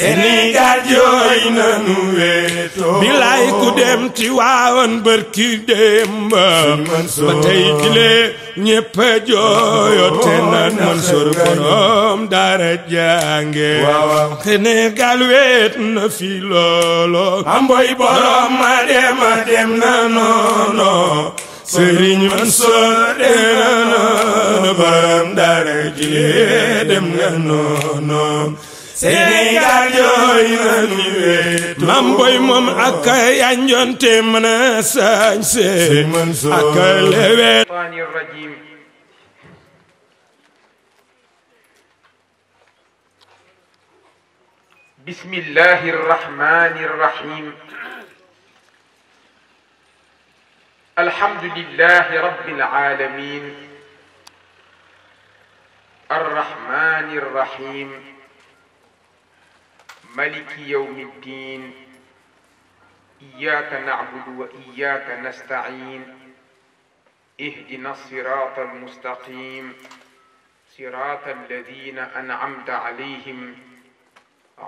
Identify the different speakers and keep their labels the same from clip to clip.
Speaker 1: Sénégal jooy nanu wéetoo bilaay ku dem ci waawan bërki dem ba tey jile ñépp jooyo te naan Mansour borom dara jànge Sénégal wéet na fi loolo amboy ma dem a dem na noono sëriñ Mansour dem na noono borom dara jile dem na noono Sénégal yooyu la ñu wéetoo mam boy moom ak yanjonte mën a sañse ak lewet
Speaker 2: بسم الله الرحمن الرحيم الحمد لله رب العالمين الرحمن الرحيم ملك يوم الدين إياك نعبد وإياك نستعين اهدنا الصراط المستقيم صراط الذين أنعمت عليهم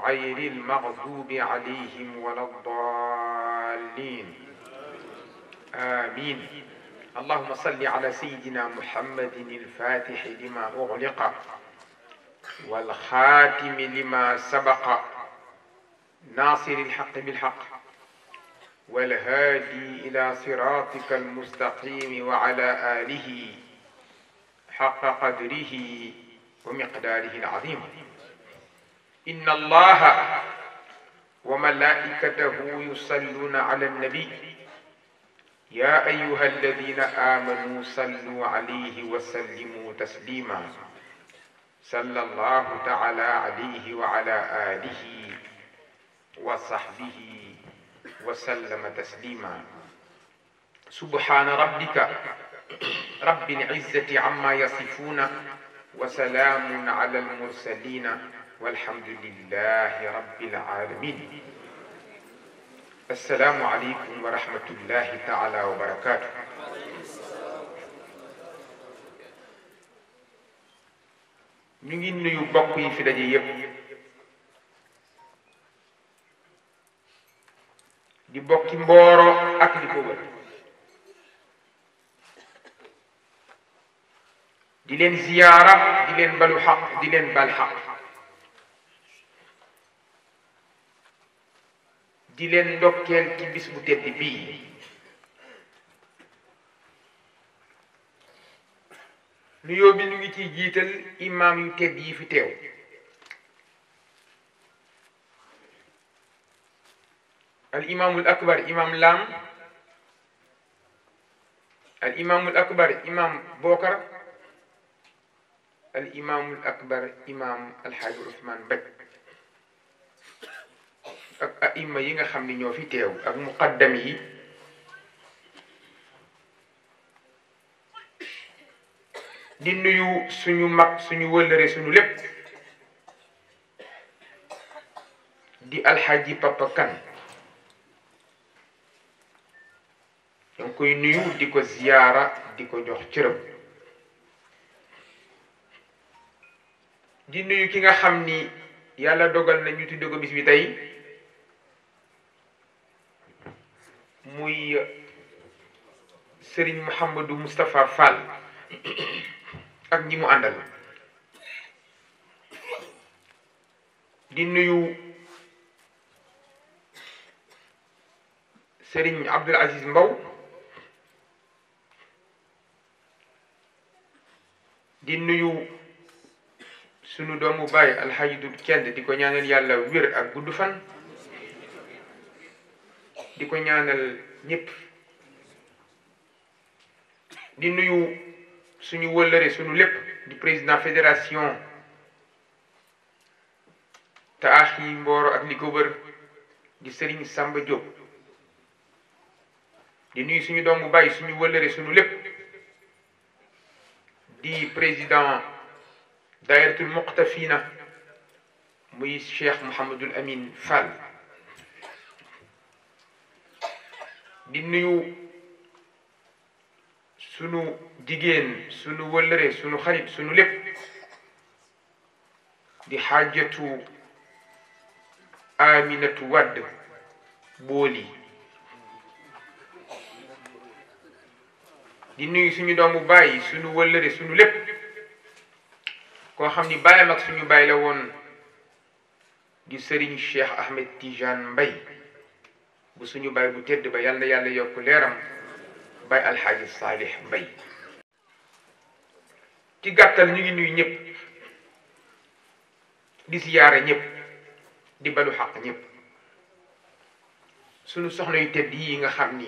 Speaker 2: غير المغضوب عليهم ولا الضالين آمين اللهم صل على سيدنا محمد الفاتح لما أغلق والخاتم لما سبق ناصر الحق بالحق والهادي إلى صراطك المستقيم وعلى آله حق قدره ومقداره العظيم إن الله وملائكته يصلون على النبي يا أيها الذين آمنوا صلوا عليه وسلموا تسليما صلى الله تعالى عليه وعلى آله وصحبه وسلم تسليما سبحان ربك رب العزة عما يصفون وسلام على المرسلين والحمد لله رب العالمين السلام عليكم ورحمة الله تعالى وبركاته ñu ngi nuyu bokk yi fi daje yépp di bokki mbooro ak li ko di leen ziyaara di leen balu xaq di leen bal xaq di leen ndokkeel ci bis bu tedd bii nuyoo bi ñu ngi ciy jiital imaam yu tedd yi fi teew الإمام الأكبر إمام لام الإمام الأكبر إمام بوكر الإمام الأكبر إمام الحاج عثمان بك ak aima yi nga xam ni ñoo fi teew ak muqaddam yi di nuyu suñu mag suñu wëllëre suñu lépp di alxaaji Papa Kane koy nuyu di ko ziyaara di ko jox cëram di nuyu ki nga xam ni yàlla dogal na ñu tudde ko bis bi tey muy Serigne Mouhamadou Moustapha Fall ak ñi mu àndal di nuyu sëriñ Abdoul Aziz Mbow di nuyu sunu doomu baay alxaaji dut kenn di ko ñaanal yàlla wér ak gudd fan di ko ñaanal ñëpp di nuyu suñu wëllëre suñu lépp di président fédération taax yi mbooro ak ni ko wër di Serigne Samba Diop di nuyu suñu doomu baay suñu wëllëre sunu lépp di président dairatul muqtafina muy cheikh mouhamadul amin fall di nuyu sunu jigéen sunu wëllëre sunu xarit sunu lépp di xaajatu aminatu wadd booli di nuyu suñu doomu bàyyi suñu wëllëre suñu lépp koo xam ni bàyyam ak suñu bàyyi la woon di sëriñ Cheikh Ahmed Tidiane Mbaye bu suñu bàyyi bu tedd ba yàlla yàlla yokk leeram bay alxaaji Saalih Mbaye ci gàttal ñu ngi nuyu ñëpp di siyaare ñëpp di balu xaq ñëpp suñu soxna yu tedd yi nga xam ni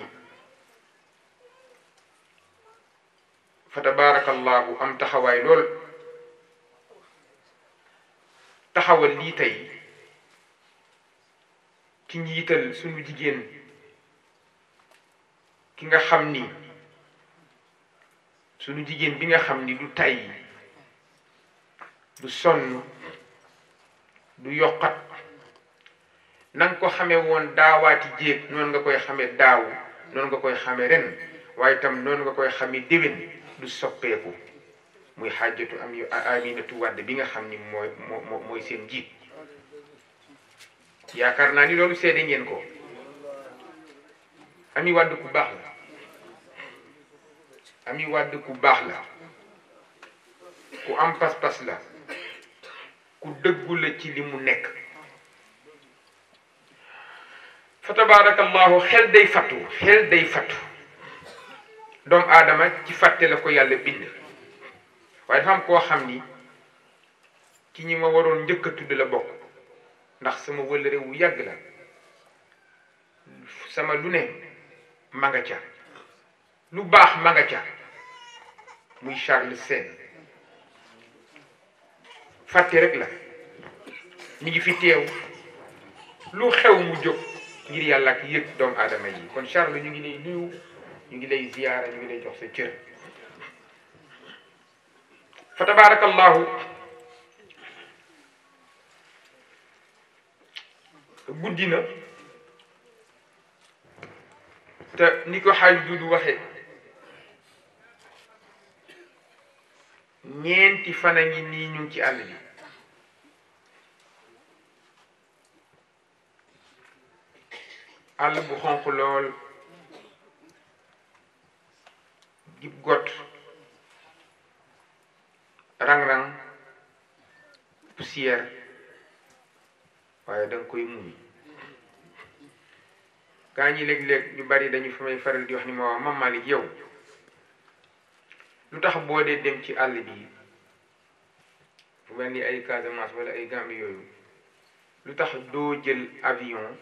Speaker 2: fa tabaarakallaahu am taxawaay lool taxawal lii tey ki njiital suñu jigéen ki nga xam ni sunu jigéen bi nga xam ni du tay du sonn du yokkat na ko xamee woon daawaati jéeg noonu nga koy xame daaw noonu nga koy xamee ren waaye itam noonu nga koy xamee déwén du soppeeku muy xaajatu am yu aminatu wàdd bi nga xam ni mooy seen njiit yaakaar naa ni loolu seede ngeen ko ami wàdd ku baax la ami wàdd ku baax la ku am pas-pas la ku dëggu la ci li mu nekk fa tabaarakallahu xel day fattu xel day fattu doomu aadama ci fàtte la ko yàlla bind waaye dafa am koo xam ni ci ñi ma waroon njëkk a tudd la bokk ndax sama wëllëre wu yàgg la sama lu ne ma nga ca lu baax ma nga ca muy Charles Sène fàtte rek la mu ngi fi teew lu xew mu jóg ngir yàlla ak yëg doomu aadama yi kon Charles ñu ngi nii nuyu ñu ngi lay ziyaara ñu ngi lay jox sa cër fa tabarakallahu guddi na te ni ko xaaj duudu waxe ñeenti fan a ngi nii ñu ngi ci àll bi àll bu xonq lool gib got rang-rang poussière waaye da nga koy muñ gaa ñi léeg-léeg ñu bari dañu fa may faral di wax ni ma waa Mame yow lu tax boo dee dem ci àll bi fu mel ni ay Casamance wala ay Gambie yooyu lu tax doo jël avion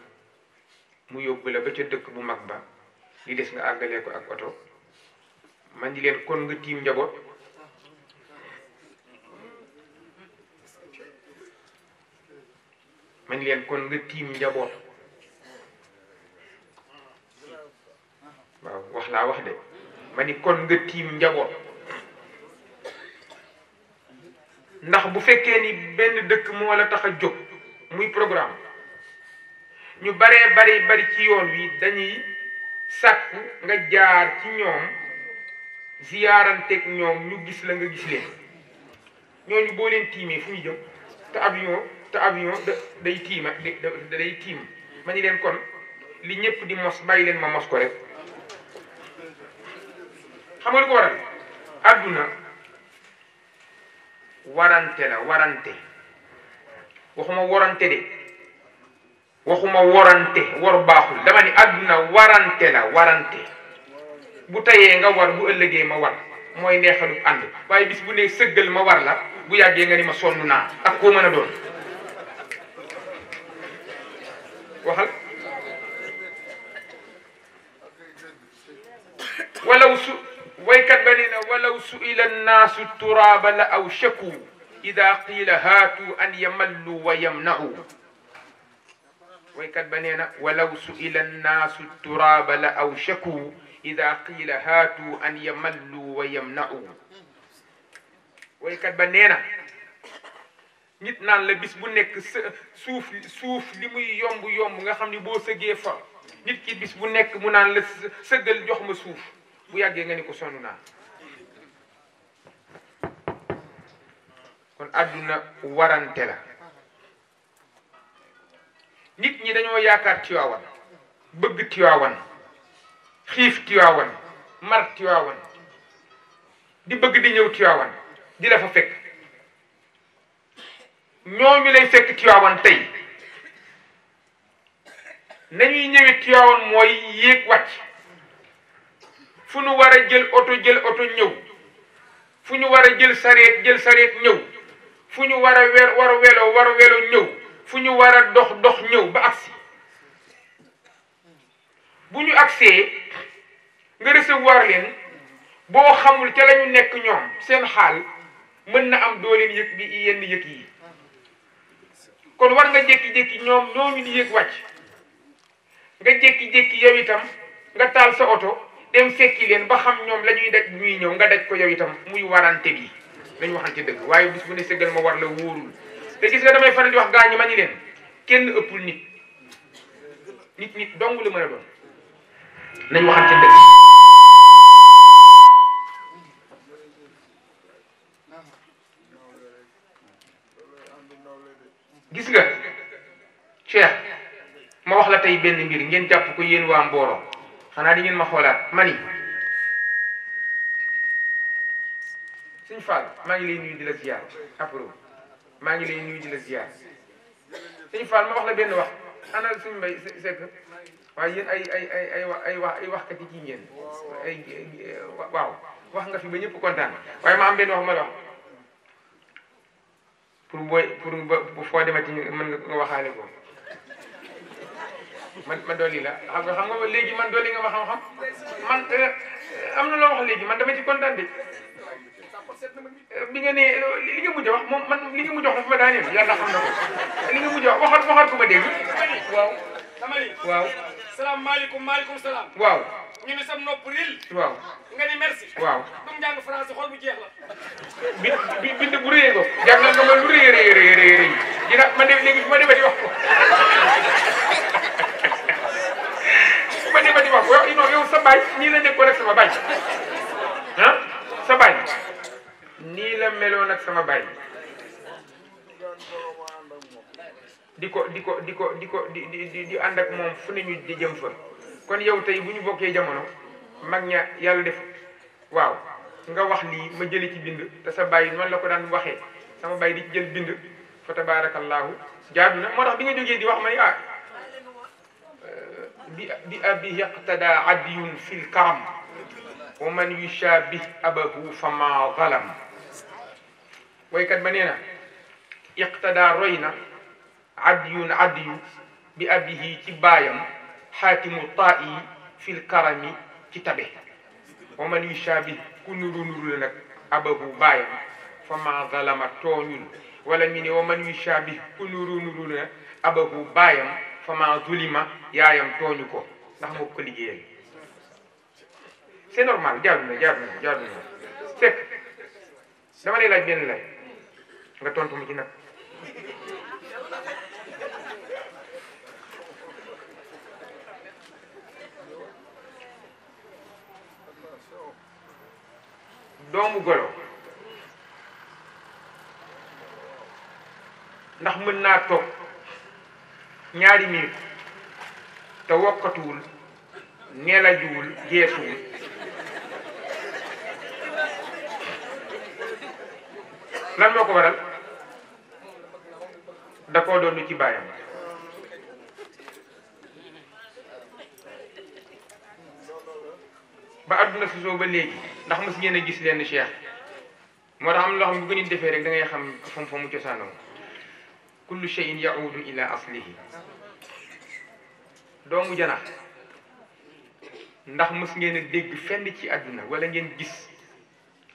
Speaker 2: mu yóbbu la ba ca dëkk bu mag ba li des nga àggalee ko ak oto man di leen kon nga tiim njaboot man di leen kon nga tiim njaboot waaw wax laa wax de ma ni kon nga tiim njaboot ndax bu fekkee ni benn dëkk moo la tax a jóg muy programme ñu baree bari bari ci yoon wi dañuy sàkku nga jaar ci ñoom ziyaaranteeg ñoom ñu gis la nga gis leen ñooñu boo leen tiimee fu ñu jëm te avion te avion da day tiima da day tiim ma ni leen kon li ñëpp di mos bàyyi leen ma mos ko rek xamal nga lu ko àdduna warante la warante waxuma warante de waxuma warante war baaxul dama ni àdduna warante la warante bu tayee nga war bu ëllëgee ma war mooy neexalu ànd waaye bis bu ne sëggal ma war la bu yàggee nga ni ma sonn naa ak koo mën doon waxal walaw su waykat ba nee na walaw suila annaasu turaaba la aw shaku ida qiila hatu an yamallu wa yamna'u waykat ba nee na walaw suila annaasu turaaba ida qiila haatu an yamallu wa yamna'u ba nee na nit naan la bis bu nekk suuf suuf li muy yomb yomb nga xam ni boo sëgee fa nit ki bis bu nekk mu naan la sëggal jox ma suuf bu yàggee nga ni ko sonn naa kon àdduna warante la nit ñi dañoo yaakaar Tiwaawan bëgg Tiwaawan xiif Tiwaawan mar Tiwaawan di bëgg di ñëw Tiwaawan di la fa fekk ñooñu lay fekk Tiwaawan tey nañuy ñëwee Tiwaawan mooy yéeg wàcc fu ñu war a jël oto jël oto ñëw fu ñu war a jël sareet jël sareet ñëw fu ñu war a weer war a war a ñëw fu ñu war a dox dox ñëw ba agsi bu ñu agsee nga recevoir leen boo xamul ca la nekk ñoom seen xaal mën na am doo leen yëg bi yenn yëg yi kon war nga jékki-jékki ñoom ñooñu di yëg wàcc nga jékki-jékki yow itam nga taal sa oto dem fekki leen ba xam ñoom la ñuy daj ñuy ñëw nga daj ko yow itam muy warante bi lañu waxante dëgg waaye bis bu ne sëggal ma war la wóorul te gis nga damay faral di wax gaañu ma ni leen kenn ëppul nit nit nit dong la mën a doon nañ waxante dëgg gis nga Cheikh ma wax la tey benn mbir ngeen jàpp ko yéen waa Mboro xanaa di ngeen ma xoolaat mani suñ Fall maa ngi lay nuyu di la ziar après maa ngi lay nuyu di la ziar suñ Fall ma wax la benn wax anal suñ mbay waaye yéen ay ay ay ay ay wax ay waxkat yi kii ngeen ay waaw wax nga fi ba ñëpp kontaan waaye ma am benn wax ma la wax pour booy pour ba foo demati mën nga waxaale ko man man dolli la xam nga xam nga léegi man dolli nga ma xam-xam man euh, am na loo wax léegi man dama ci kontaan de bi nga ne li nga mujj wax moom man li nga mujj wax dafa ma daaneel yàlla xam na ko li nga mujj wax waxat waxat ko ma dégg
Speaker 3: waaw. salaamaaleykum maaleykum salaam.
Speaker 2: waaw. ñu ni sam nopp ril. waaw nga ni merci. waaw ba mu jàng français xool bu jeex la. bi bi bind bu rëy ko. jàng nga ma lu rëy rëy rëy rëy rëy dina ma dem léegi ma demati wax ko. ma demati wax ko yow non yow sa baay nii la nekkoon ak sama baay ah sa baay nii la meloon ak sama baay. di ko di ko di ko di ko di di ànd ak moom fu ne ñu di jëm fa kon yow tey bu ñu bokkee jamono mag ña yàlla def waaw nga wax nii ma jële ci bind te sa bàyyi noonu la ko daan waxee sama bàyyi di ci jël bind fa tabaarakallaahu jaadu na moo tax bi nga jógee di wax ma ne ah euh, bi bi abi iqtada adiyun fil karam wa man yushabih abahu fama zalam waykat ba nee na iqtada roy na عدي عدي بأبيه تبايم حاتم الطائي في الكرم كتابه ومن يشابه كنور نور لك أبه بايم فما ظلم تونيل ولا من ومن يشابه كنور نور لك أبه بايم فما ظلم يا يم تونيكو نحن كل جيل سي نورمال normal jaadu na jaadu دمالي jaadu na fekk dama lay laaj benn doomu golo ndax mën naa toog ñaari minit te wokkatuwul neelajuwul geesuwul lan moo ko waral da koo doon ci baayam ba àdduna si ba léegi ndax mos ngeen a gis lenn cheikh moo tax am loo xam bu gën a defee rek da ngay xam fam fa mu cosaanoo kullu shay'in yaudu ila aslihi doomu janax ndax mës ngeen a dégg fenn ci àdduna wala ngeen gis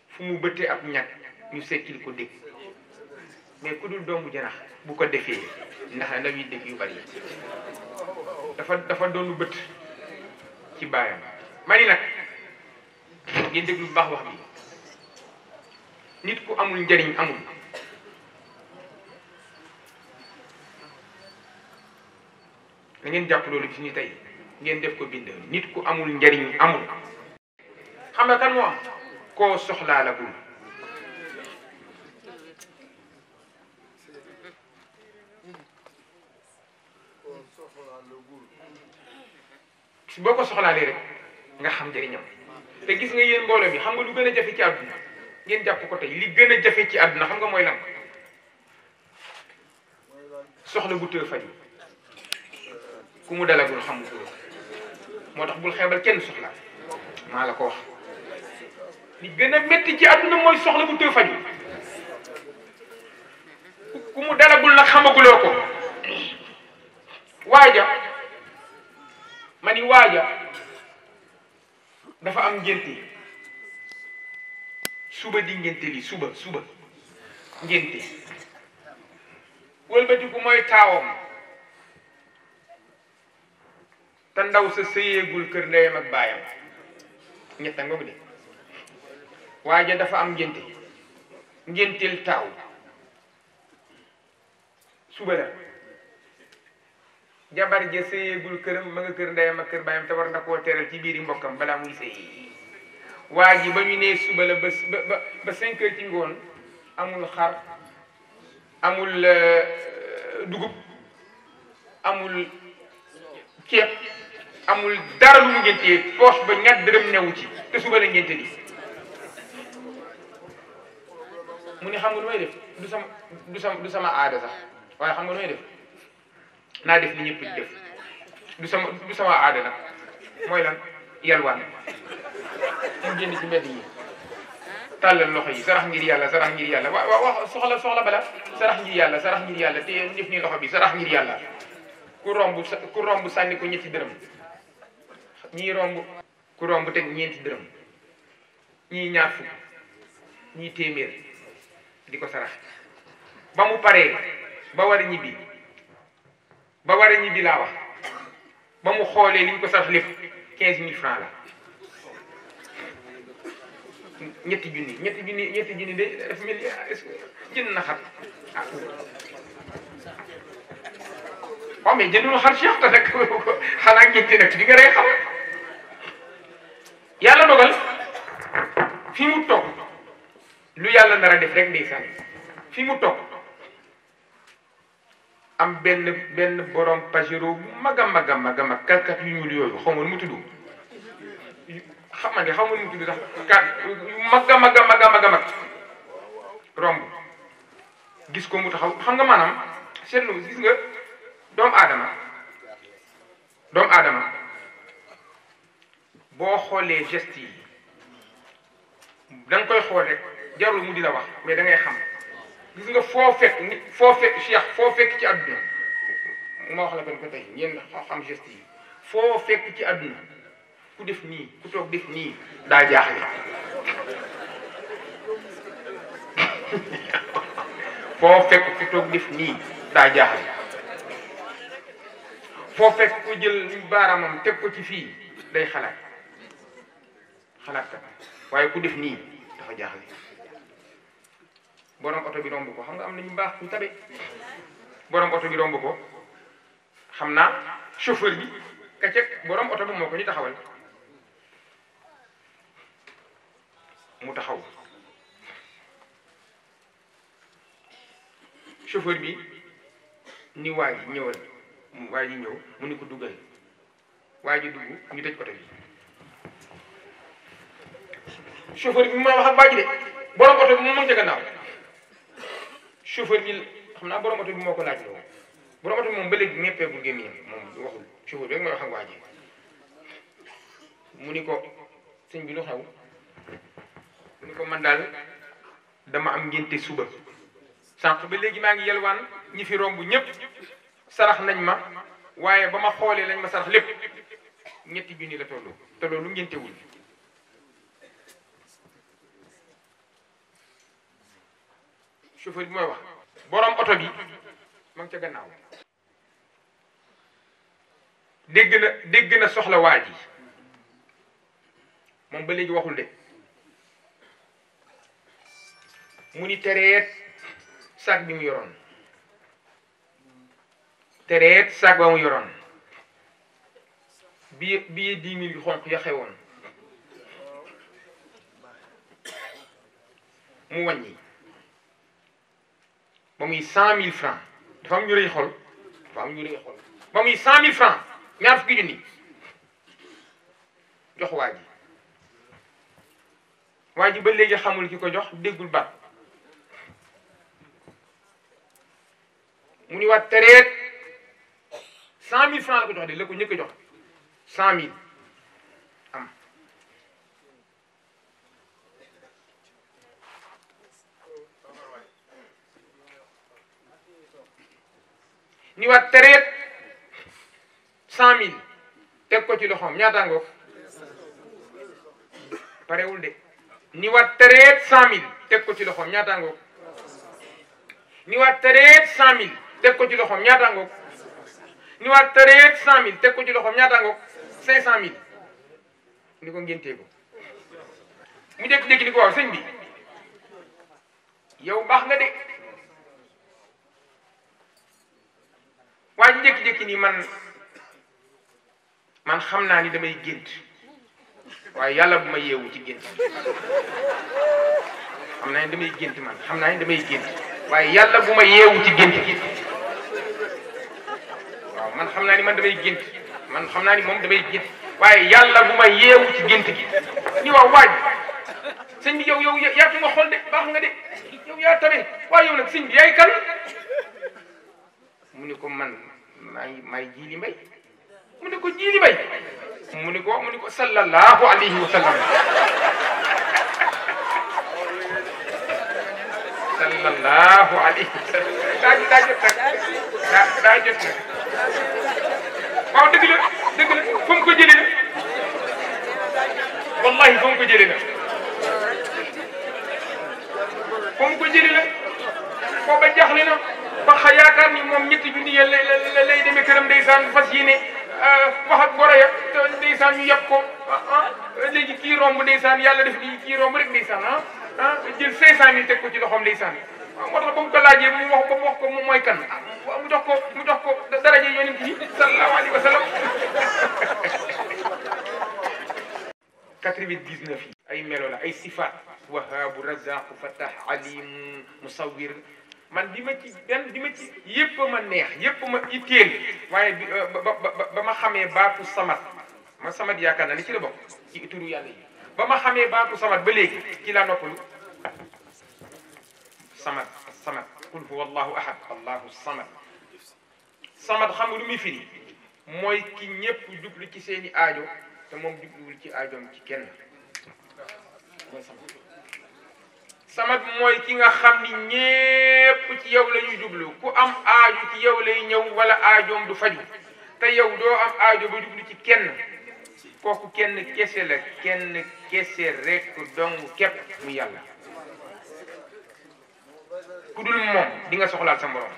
Speaker 2: fu mu bëttee ab ñag ñu sekkil ko dégg mais ku dul doomu janax bu ko defee ndax ndaw yi dégg yu bari dafa dafa doonu bët ci baayam mani nag ngeen déglu bu nit ku amul njariñ amul da ngeen jàpp loolu ci ñu tey ngeen def ko bind nit ku amul njariñ amul xam nga kan moo am koo soxlaa la gul boo ko soxlaalee rek nga xam njariñam te gis nga yéen mbooloo mi xam nga lu gën a jafe ci àdduna ngeen jàpp ko tey li gën a jafe ci àdduna xam nga mooy lan soxla bu tëë faju ku mu dalagul xam nga tax bul xeebal kenn soxla maa la ko li gën a ci àdduna mooy soxla bu tëë faju ku nag xamaguloo ko waaja ma ni waaja dafa am ngénte suba di ngénte li suba suba ngénte wëlbatiku mooy taawam te ndaw sa sëyeegul kër ndeyam ak baayam ñett a ngoog de waaja dafa am ngénte ngénteel taaw suba la jabar ja sëyeegul këram ma nga kër ndeyam ak kër baayam te war na koo teral ci biiri mbokkam balaa muy sëy waa ji ba ñu nee suba la ba ba ci ngoon amul xar amul euh, dugub amul ceeb amul dara lu mu ngéntee poche ba ñatt dërëm newu ci te suba la ngénte di mu ne xam nga may def du sama du sama aada sax waaye xam may def naa def li ñëpp di def du sama du sama aada nag mooy lan yalwaan mu génn ci mbedd yi tàllal loxo yi sarax ngir yàlla sarax ngir yàlla wa wa wax soxla soxla bala sarax yàlla sarax ngir te def nii loxo bi sarax ngir yàlla ku romb sànni ko ñetti dërëm ñii romb ku romb teg ñeenti dërëm ñii ñaar fukk ñii téeméer di ko sarax ba mu paree ba war a ñibbi ba war a di laa wax ba mu xoolee li ko saf lépp quinze mille francs la ñetti junni ñetti junni ñetti junni de dafa mel ni jënd na xar ah waaw mais jëndul xar Cheikh te nag xanaa ñetti nag di nga rey xar yàlla dogal fi mu toog lu yàlla nar def rek ndeysaan fi mu toog am benn benn borom pajero bu mag a mag a mag a mag karkat yu ñuul yooyu xamoon mu tudd xam nga xamoon mu tudd sax kat yu mag a mag a mag a mag romb gis ko mu taxaw xam nga maanaam seetlu gis nga doomu aadama doomu aadama boo xoolee geste yi da koy xool rek jarul mu di la wax mais da ngay xam gis nga foo fekk nit foo fekk cheikh foo fekk ci àdduna ma wax la kon ko tey ngeen xam geste yi foo fekk ci àdduna ku def nii ku toog def nii daa jaaxle foo fekk ci toog def nii daa jaaxle foo fekk ku jël baaraamam teg ko ci fii day xalaat xalaat kat waaye ku def nii dafa jaaxle borom oto bi romb ko xam nga am nañu baax ñu tabe borom oto bi romb ko xam naa chauffeur bi kace borom oto bi moo ko taxaw chauffeur bi ni waay ñëwal waay ñu ñëw mu ni ko duggal dugg ñu tëj oto bi chauffeur bi mu mën a bi mu mën ca chauffeur bi xam naa borom oto bi moo ko laaj loolu borom oto moom ba léegi ñeppeegul gémmiñam moom waxul chauffeur bi rek mooy wax mu ni ko sëñ bi lu xew mu ni ko man daal dama am ngénte suba sànq ba léegi maa ngi yelwaan ñi fi romb ñëpp sarax nañ ma waaye ba ma xoolee lañ ma sarax lépp ñetti junni la tollu te loolu ngéntewul chauffeur bi mooy wax borom auto bi ma ngi ca gannaaw dégg na dégg na soxla waa moom ba léegi waxul de mu ni tereet sac bi mu yoroon tereet sac ba mu yoroon bi bi dix mille yu xonq ya xewoon mu wàññi ba muy cent mille francs dafa am ñu rëy xol dafa am ñu rëy xol ba muy cent mille francs ñaar fukki junni jox waa ji ba léegi xamul ki ko jox déggul baat mu ni waat tereet cent mille francs la ko jox de la ko ñëkk jox cent mille ñu wat tereet cent mille ko ci loxoom ñaata ngoog parewul de ni wat tereet cent mille ko ci loxoom ñaata ngoog ni wat tereet cent mille ko ci loxoom ñaata ngoog ni wat tereet cent mille ci loxoom ñaata ngoog cinq cent ni ko ngéntee ko mu jékki-jékki ni ko waaw sëñ yow baax nga de waaye jékki-jékki nii man man xam naa ni damay gént waaye yàlla bu ma yeewu ci gént xam naa damay gént man xam naa ni damay gént waaye yàlla bu ma yeewu ci gént gi waaw man xam naa ni man damay gént man xam naa ni moom damay gént waaye yàlla bu ma yeewu ci gént gi ni waaw waaj sëñ bi yow yow yaatu xool de baax nga de yow yaa tabe waaye yow nag sëñ bi yaay mu ni ko man maay maay jiili mu ni ko mu ni ko mu ni ko sallallahu alayhi wa sallam sallallahu alayhi wa sallam daa daa jot la dëgg la la wallahi fu la fu mu ko na baxa yaakaar ni moom ñetti junni ya lay lay demee këram ndeysaan fas yéene wax ak goro ya ndeysaan ñu yab ko léegi kii romb ndeysaan yàlla def di kii romb rek ndeysaan ah jël 500000 teg ko ci loxoom ndeysaan moo tax ba mu ko laajee mu wax ba mu wax ko moom mooy kan mu jox ko mu jox ko daraje yonent yi sallallahu alayhi wa sallam 99 yi ay melo la ay sifaat wahaabu razaqu fatah alim musawir man bi ma ci gan di ma ci yépp ma neex yépp ma itteel waaye bi euh, ba ba ma xamee baatu samat ma samat yaakaar na ni ci la bokk ci turu yàlla yi ba ma xamee baatu samat ba léegi ci laa noppalu samat samat qul huwa allahu ahad allahu samat samat xam nga lu muy firi mooy ki ñëpp jublu ci seeni aajo te moom jubluwul ci aajoom ci kenn samat mooy ki nga xam ni ñépp ci yow lañuy ñuy jublu ku am aaju ci yow lay ñëw wala aajoom du faju te yow doo am aajo ba jublu ci kenn kooku kenn kese la kenn kese rek dong képp mu yàlla
Speaker 4: ku dul moom di
Speaker 2: nga soxlaal sa morom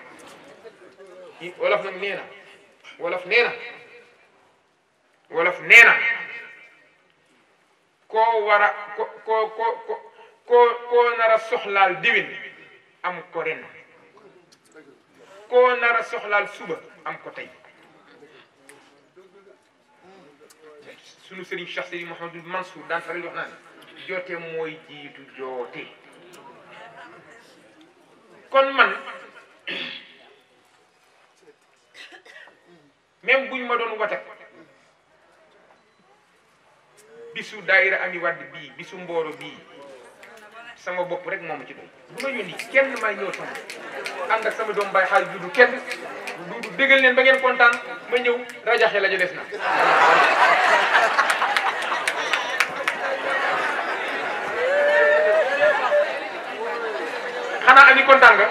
Speaker 2: wolof nag nee na wolof nee na wolof nee na koo war a ko ko ko koo koo nar soxlaal déwén am ko ren koo nar soxlaal suba am ko tey sunu sëriñ Cheikh Seydi Mouhamadou Mansour daan faral wax naa ne joote mooy jiitu joote kon man même buñ ma doon watak bisu daayira ami wadd bii bisu mbooro bii sama bop rek moom ci doy bu ma ñëw kenn ma ñoo tam and ak sama doom bay xal ju du kenn du du deggal leen ba ngeen contane ma ñëw rajaxe la ñu def na xana ami contane nga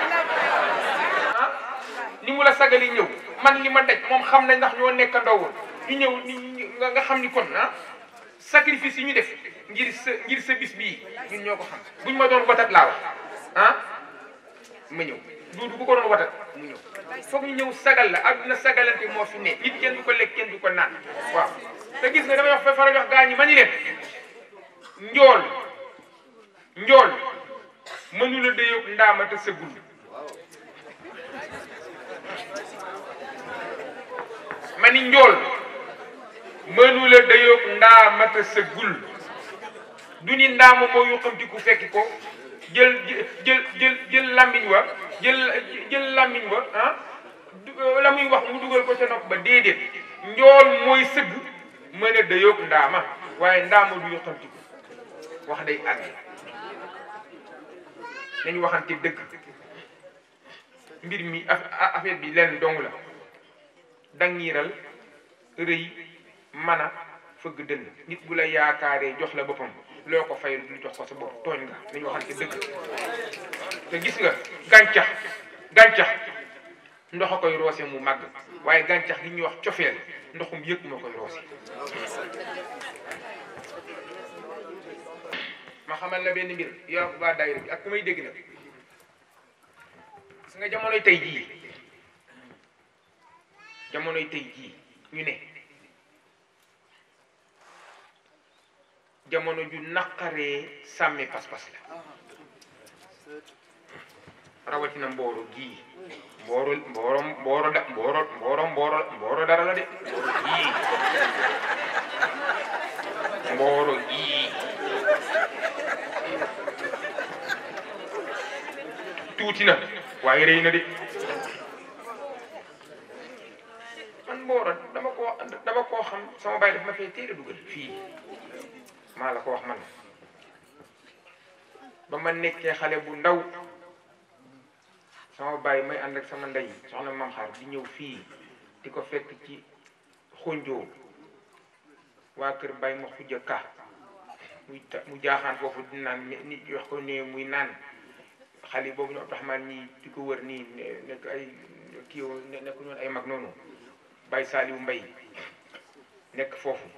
Speaker 2: ah, ni mu la sagali ñew man li ma tej mom xam nañ ndax ñoo nekk ndawul woon ñu ñëw ni nga xam ni kon ah sacrifice yi ñu def ngir sa ngir sa bii ñun ñoo ko xam buñ ma doon watat laa wax ah ma ñëw duudu bu ko doon watat mu ñëw foog ñu ñëw sagal la àdduna sagalante moo fi ne nit kenn du ko lekk du ko naan waaw te gis nga damay wax fa faral wax gaa ñi ma ni leen njool njool mënula déyoog ndaama te sëggul ma ni njool mënu la dayoog ndaamata sa gul du ni ndaama moo yu fekki ko jël jël jël jël làmmiñ wa jël jël làmmiñ wa ah, euh, la muy wax mu dugal ko ca nopp ba déedéet njool mooy sëgg mën a dayoog ndaama waaye ndaama du yu xam ti ko wax day àgg nañu waxante dëgg mbir mi affaire bi lenn dong la dangiiral rëy mën a fëgg dënn nit bu la yaakaaree jox la boppam loo ko fayal du jox ko sa bopp tooñ nga dañu waxante dëgg te gis nga gàncax gàncax ndox a koy roose mu màgg waaye gàncax gi ñuy wax cofeel ndoxum yëg moo koy roose ma xamal la benn mbir yow waa daayira bi ak ku may dégg nag nga jamonoy tey jii jamonoy tey jii ñu ne jamono ju nakare sàmmi pas-pas la rawati na mboro gi mboro mboro mboro mboro mboro mboro mboro dara la de mboro gi mbooro na waye rëy na de man mboro dama ko dama ko xam sama baay dama fay téré duggal fi mala ko wax man ba ma nekké xalé bu ndaw sama bàyyi may and ak sama ndey soxna mam xaar di ñew fi di ko fekk ci xunjo wa kër bayi ma xujja ka mu jaaxaan fofu di nan nit wax ko ne muy nan xali bobu ñu abdourahman ni di ko wër ni nek ay kii nek ñu ay mag nonu bàyyi saliw mbay nek fofu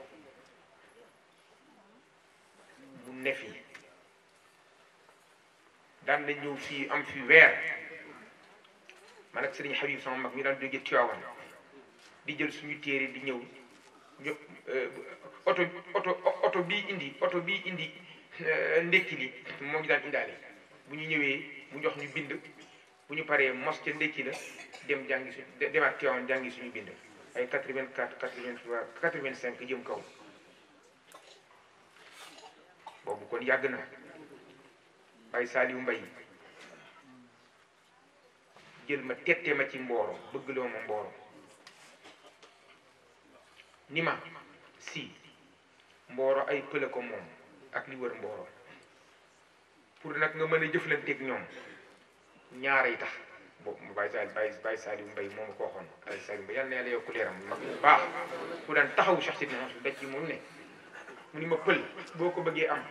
Speaker 2: ne fi daan na ñëw fii am fi weer man ak sëriñ Habib sama mag mi daan jóge Tiwaawan di jël suñu téere di ñëw ñu euh, oto oto oto bii indi oto bii indi euh, ndékki li moo ngi daan indaale bu ñu ñëwee mu jox ñu bind bu ñu paree mos ca ndékki la dem jàngi suñu demaat Tiwaawan jàngi suñu bind ay quatre-vingt-quatre quatre-vingt-trois quatre-vingt-cinq jëm kaw kon yàgg na bay Saliou Mbay jël ma tette ma ci mbooro bëgg loo ma mbooro ni ma si mbooro ay pële ko moom ak ni wër mbooro pour nag nga mën a jëflanteeg ñoom ñaaray tax boobu Baye Sall Baye Baye Saliou Mbaye moom ko waxoon Baye Saliou Mbaye yàlla na yàlla yokk leeram mag bu baax ku daan taxawu Cheikh Sidna moom ne mu ni ma pël boo ko bëggee am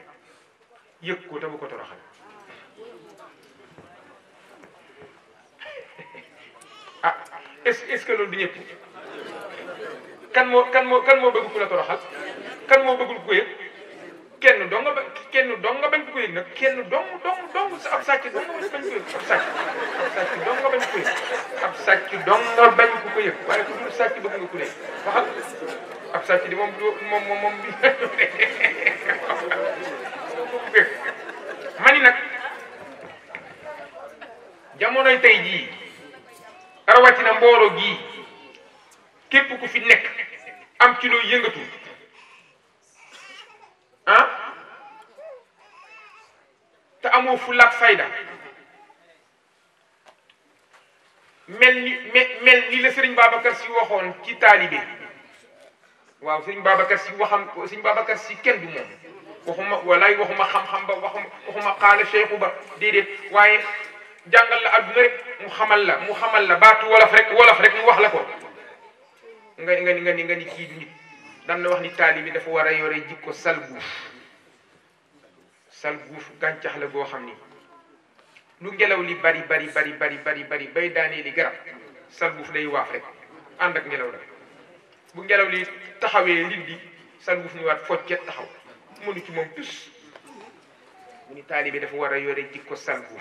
Speaker 2: yëg ko te bu ko toroxal ah est est ce que loolu du ñëpp kan moo kan moo kan moo bëgg ko yëg kenn dong nga ba kenn dong nga bañ ko yëg nag kenn dong dong dong dong ab sàcc dong nga bañ ko yëg ab sàcc dong nga bañ ko ko yëg waaye ku dul sàcc bëgg nga ku ne waxal ab sàcc di moom moom moom moom bi dégg ma jamonoy tey jii rawatina mbooroo gii képp ku fi nekk am ci looy yëngatu ah te amoo fu fulaak fayda mel ni mel ni la sëriñ Babacar si waxoon ci taalibe waaw sëriñ Babacar si waxam sëriñ Babacar si kenn du moom waxuma walaay waxuma xam-xam ba waxuma waxuma xaala cheikhu ba déedéet waaye jàngal la adduna rek mu xamal la mu xamal la baatu wolof rek wolof rek mu wax la ko nga nga nga nga ni kii du nit dam na wax ni taali dafa war a yore jikko salguuf salguuf gàncax la goo xam ni lu ngelaw li bari bari bari bari bari bari bay daanee li garab salguuf lay waaf rek ànd ak ngelaw la bu ngelaw li taxawee nit bi salguuf ñu waat foccet taxaw moni ci moom tus mu ni taalibe dafa war a yore jikko salbu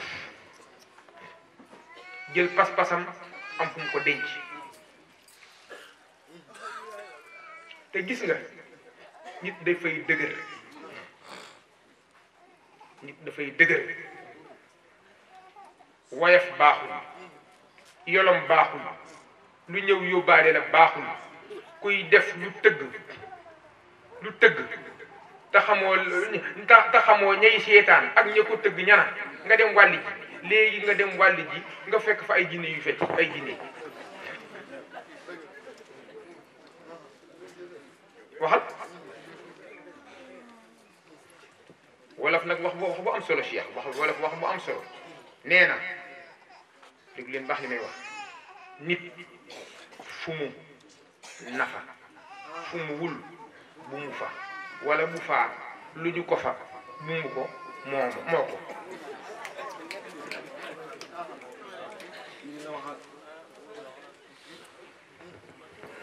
Speaker 2: jël pas-pasam am fu mu ko denc te gis nga nit dafay dëgër nit dafay dëgër woyof baaxul yolom baaxul lu ñëw yóbbaale la baaxul kuy def lu tëgg lu tëgg te xamoo te xamoo ñay seetaan ak ña nga dem wàlli ji léegi nga dem wàlli ji nga fekk fa ay jinne yu fecc ay jinne waxal wolof nag wax bu am solo Cheikh wax wolof wax bu am solo nee na dégg leen baax li may wax nit fu mu nafa fu mu wul bu mu fa wala bu faa lu ñu ko fa
Speaker 4: moomu ko moom moo ko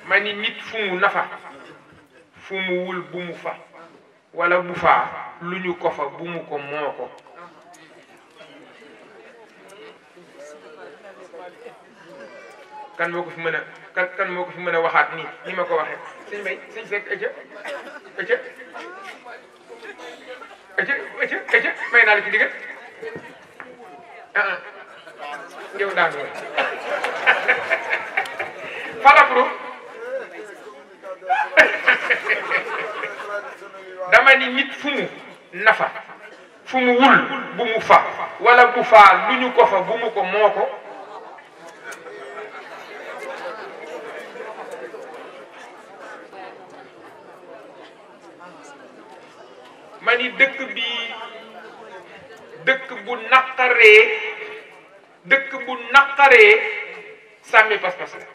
Speaker 2: ma ni nit fu mu nafa fu mu wul bu fa wala bu faa lu ñu ko fa bu ko moo ko kan moo ko fi mën a kan moo ko fi mën a waxaat nii ma ko waxee sëñ bay sëñ Seck ëcc ëcc ëcc ëcc ëcc may naa la ci digal ah daanu la falabru dama ni nit fu mu nafa fu mu wul bu mu fa wala bu faa lu ñu ko fa bu mu ko moo ko ma ni dëkk bi dëkk bu naqaree dëkk bu naqaree sàmmi pas-pas la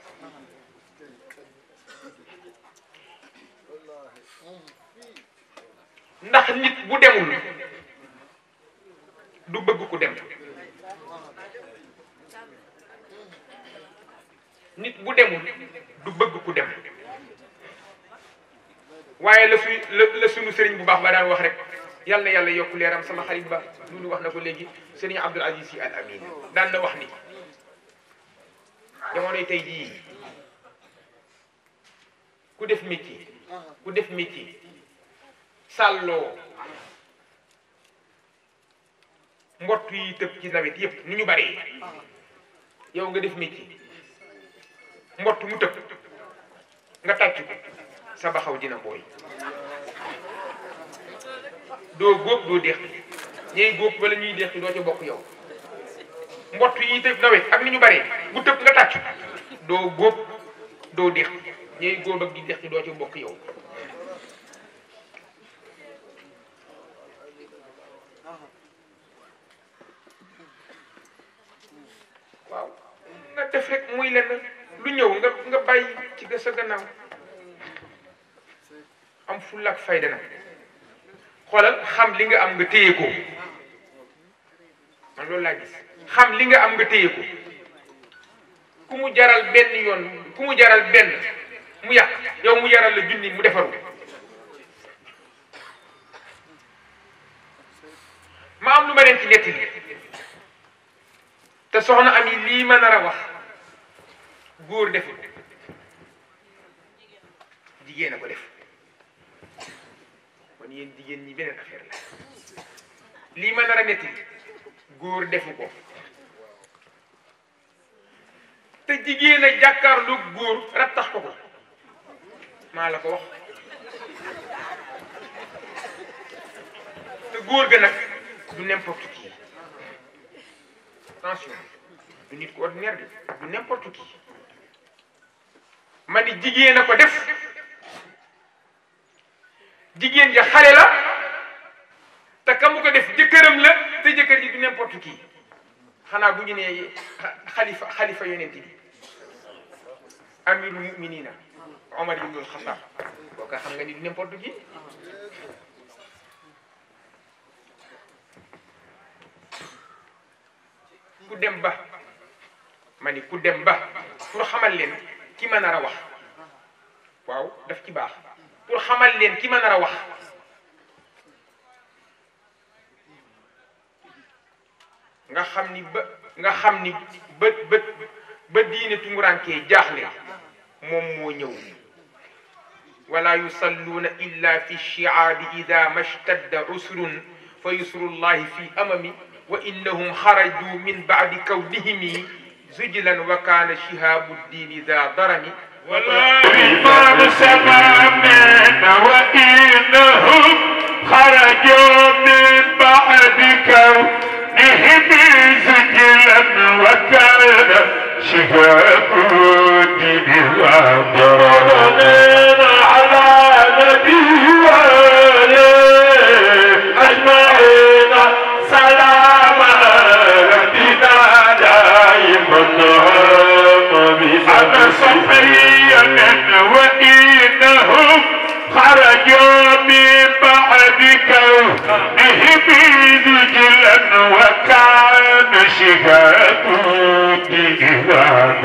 Speaker 2: ndax nit bu demul du bëgg ku dem nit bu demul du bëgg ku dem waaye la suy la sunu sëriñ bu baax ba daan wax rek yàlla yàlla yokk leeram sama xarit ba loolu wax na ko léegi sëriñ Abdul Aziz Sy Al Amin daan na wax ni jamonoy tey jii ku def métier ku def métier sàlloo mbott yi tëb ci nawet yépp ni ñu bari yow nga def métier mbott mu tëb nga tàcc ko sa baxaw dina booy doo góob doo deqi ñey góob wala ñuy deqi doo ci bokk yow mbott yi tëb nawet ak ni ñu bare bu tëb nga tàcc doo góob doo deqi ñey góob ak di deqi doo ci bokk yow waaw nga def rek muy lenn lu ñëw nga nga bàyyi ci sa gannaaw am fulak ak fayda nag xoolal xam li nga am nga téye ko man loolu la gis xam li nga am nga téye ko ku jaral ben yoon kumu jaral ben mu yak yow mu jaral la jundi mu defaru ma am lu ma len ci netti te soxna ami li ma nara wax góor defu jigéen ko def kon yéen jigéen ñi beneen affaire la lii ma nar a góor defu ko te jigéen a jàkkaarloog góor rattax ko ko maa la ko wax te góor ga nag du n'importe qui attention du nit ku ordinaire du n'importe qui ma ni jigéen a ko def jigéen ja xale la te ka mu ko def jëkkëram la te jëkkër ji du n'importe qui xanaa bu ñu nee xalifa xalifa yonent bi amirul muminina omar ibnul xataab boo ko xam nga ni du n'importe qui ku dem ba ma ni ku dem ba pour xamal leen ki mën a wax waaw daf ci baax pour xamal leen ki ma nar a wax nga xam ni ba nga xam ni ba ba ba diine tumurankee jaaxle moom moo ñëw wala yusalluuna illa fi shiaabi ida mashtadda usrun fa yusru llahi fi amami wa innahum xaraju min baadi kawnihimi zujlan wa kaana shihaabu ddiini daa darami
Speaker 3: والإمام سمعنا وإنهم خرجوا من بعد كونهم زجلا وكان شهاب الدين على نبي Sofia.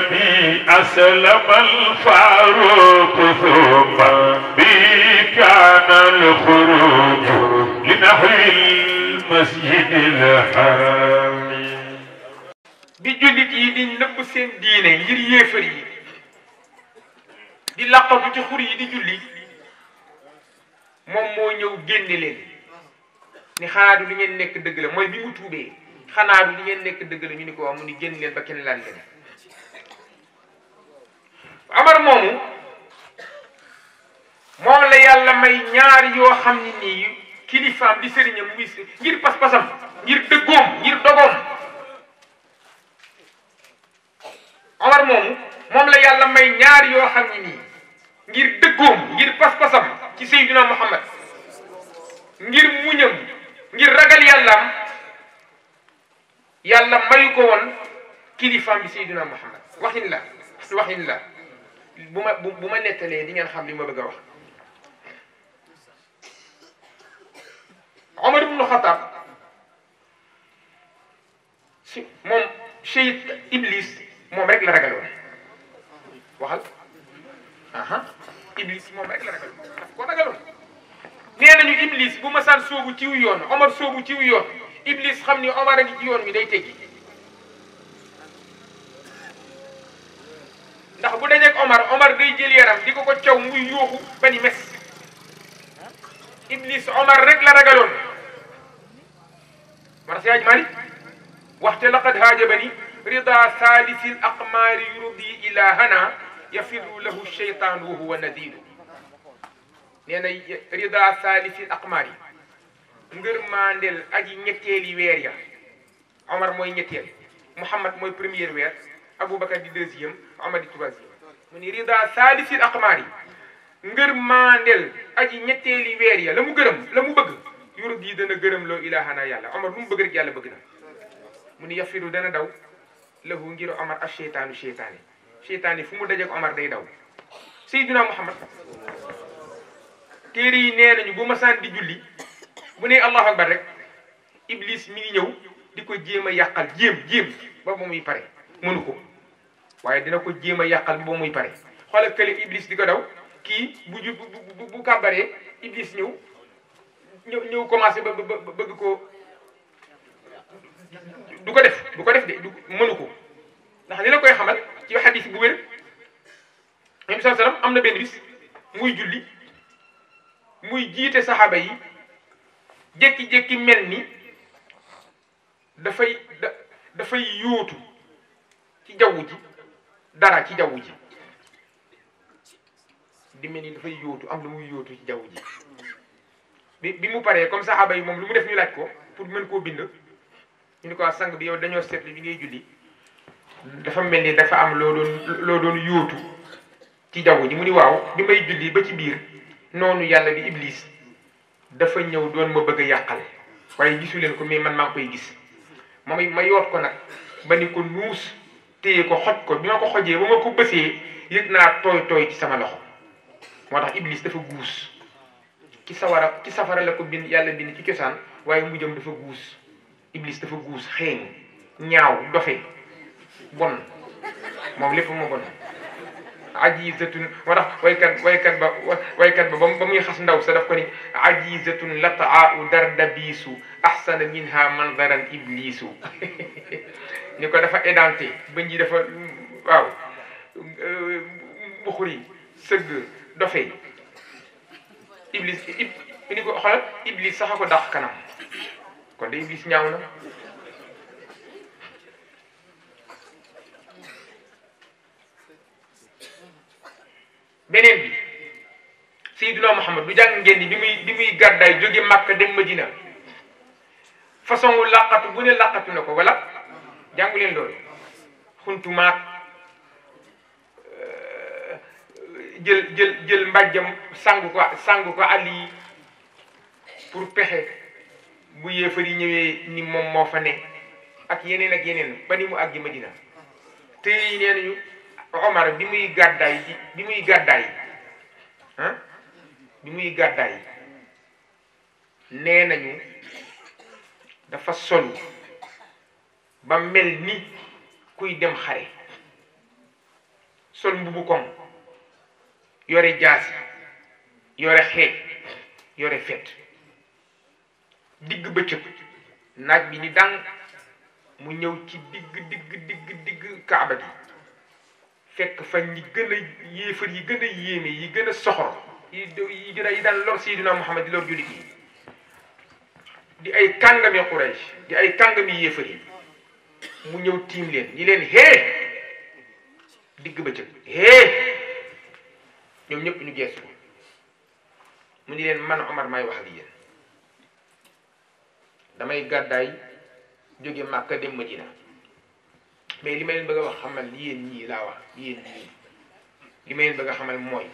Speaker 3: الذي أسلم الفاروق ثم
Speaker 2: bi jullit yi di nëbb seen diine ngir yéefar yi di làqatu ci xur yi di julli moom moo ñëw génne leen ni xanaa du li ngeen nekk dëgg la mooy bi mu tuubee xanaa du li ngeen nekk dëgg la ñu ni ko wax mu ni génn leen ba kenn laal amar moomu moom la yàlla may ñaar yoo xam ni nii kilifaam di sëriñam muy ngir pas-pasam ngir dëggoom ngir dogoom amar moomu moom la yàlla may ñaar yoo xam ni nii ngir dëggoom ngir pas-pasam ci Seydina Muhammad ngir muñam ngir ragal yàllaam yàlla mayu ko woon kilifaam bi Seydina Muhammad waxin la bu ma bu nettalee di ngeen xam li ma bëgg a wax Omar ibnu Xataab si moom Seyid Iblis moom rek la ragal woon waxal aha Iblis moom rek la ragal daf ko ragaloon nee nañu Iblis bu ma saan sóobu ciw yoon Omar sóobu ciw yoon Iblis xam ni Omar a ngi ci yoon mi day teggi ndax bu dajeeg Omar Omar day jël yaram di ko ko caw muy yuuxu ba ni mes Iblis Omar rek la ragaloon war siyaaj mali waxte laqad haajabani rida saalisil aqmaari yurdi ilahana yafiru lahu cheytaan wa huwa nadiru nee na rida saalisil aqmaari ngër maandel aji ñetteeli weer ya Omar mooy ñetteel Mouhamad mooy premier weer Aboubacar di deuxième Amady troisième mu ni rida saadisil aqmaar yi ngër maandel aji ñetteeli weer ya la mu gërëm la mu bëgg yurub yi dana gërëm loo ilaahana yàlla Omar mu bëgg yàlla bëgg na mu ni yafiru dana daw lahu ngir Omar ak cheytaanu cheytaan mu day daw nee nañu bu masaan di julli bu ne allahu akbar rek iblis mi ngi ñëw di ko jéem a yàqal jéem jéem ba ba muy pare mënu waaye dina ko jéem a yàqal bi ba muy pare xoolal kële Iblis di ko daw kii bu ju bu bu kàbbaree Iblis ñëw ñëw ñëw commencé ba bëgg ko du ko def du ko def de du mënu ko ndax dina koy xamal ci xadis bu wér nabi saa am na benn bis muy julli muy jiite saxaaba yi jékki-jékki mel ni dafay da dafay yóotu ci jaww ji dara ci jaww ji di mel ni dafay yóotu am lu muy yóotu ci jaww ji bi bi mu paree comme saxaaba yi moom lu mu def ñu laaj ko pour mën koo bind ñu ni ko sang bi yow dañoo seetlu bi ngay julli dafa mel ni dafa am loo doon loo doon yóotu ci jaww ji mu ni waaw bi may julli ba ci biir noonu yàlla bi iblis dafa ñëw doon ma bëgg a yàqal waaye gisu leen ko mais man maa koy gis ma ma yoot ko nag ba ni ko nuus téye ko xoj ko bi ma ko xojee ba ma ko bësee yëg naa tooy tooy ci sama loxo moo tax iblis dafa guus ci sawara ci safara la ko bind yàlla bind ci cosaan waaye mujjam dafa guus iblis dafa guus xeeñ ñaaw dofe bon moom lépp moo bon ajizatun moo tax waykat waykat ba waykat ba ba muy xas ndaw sa daf ko ni ajizatun lataa u dardabiisu axsana minha manzaran iblisu ni ko dafa édenté bëñ yi dafa waaw buxur yi sëgg dofe iblis iblis sax a kanam kon de iblis ñaaw na beneen bi Seydina Muhammad du jàng ngeen ni bi muy bi muy gàddaay jóge Màkka dem Madina façon làqatu bu ne làqatu na ko wala jàngu leen loolu euh, jël jël jël mbàjjam sangu ko sangu ko àll yi pour pexe bu yéefar yi ñëwee ni moom moo fa ne ak yeneen ak yeneen ba ni mu àgg Madina te yi nee nañu Omar bi muy gàddaay bi muy gàddaay bi muy gàddaay nee nañu dafa solu ba mel ni kuy dem xare sol mbubu koŋ yore jaasi yore xeej yore fet digg bëccëg naaj bi ni dàng mu ñëw ci digg digg digg digg kaaba fekk fa ñi gën a yéefar yi gën a yéeme yi gën a soxor yi yi daan lor Seydina Muhammad di lor jullit yi di ay kàngami Quraysh di ay kàngami yéefar yi mu ñëw tiim leen ñi leen hee digg bëccëg hee ñoom ñëpp ñu geesu mu ni leen man Omar may wax ak yéen damay gàddaay jóge Màkka dem Madina mais li ma leen bëgg a wax xamal yéen ñii laa wax yéen ñii li ma leen bëgg a xamal mooy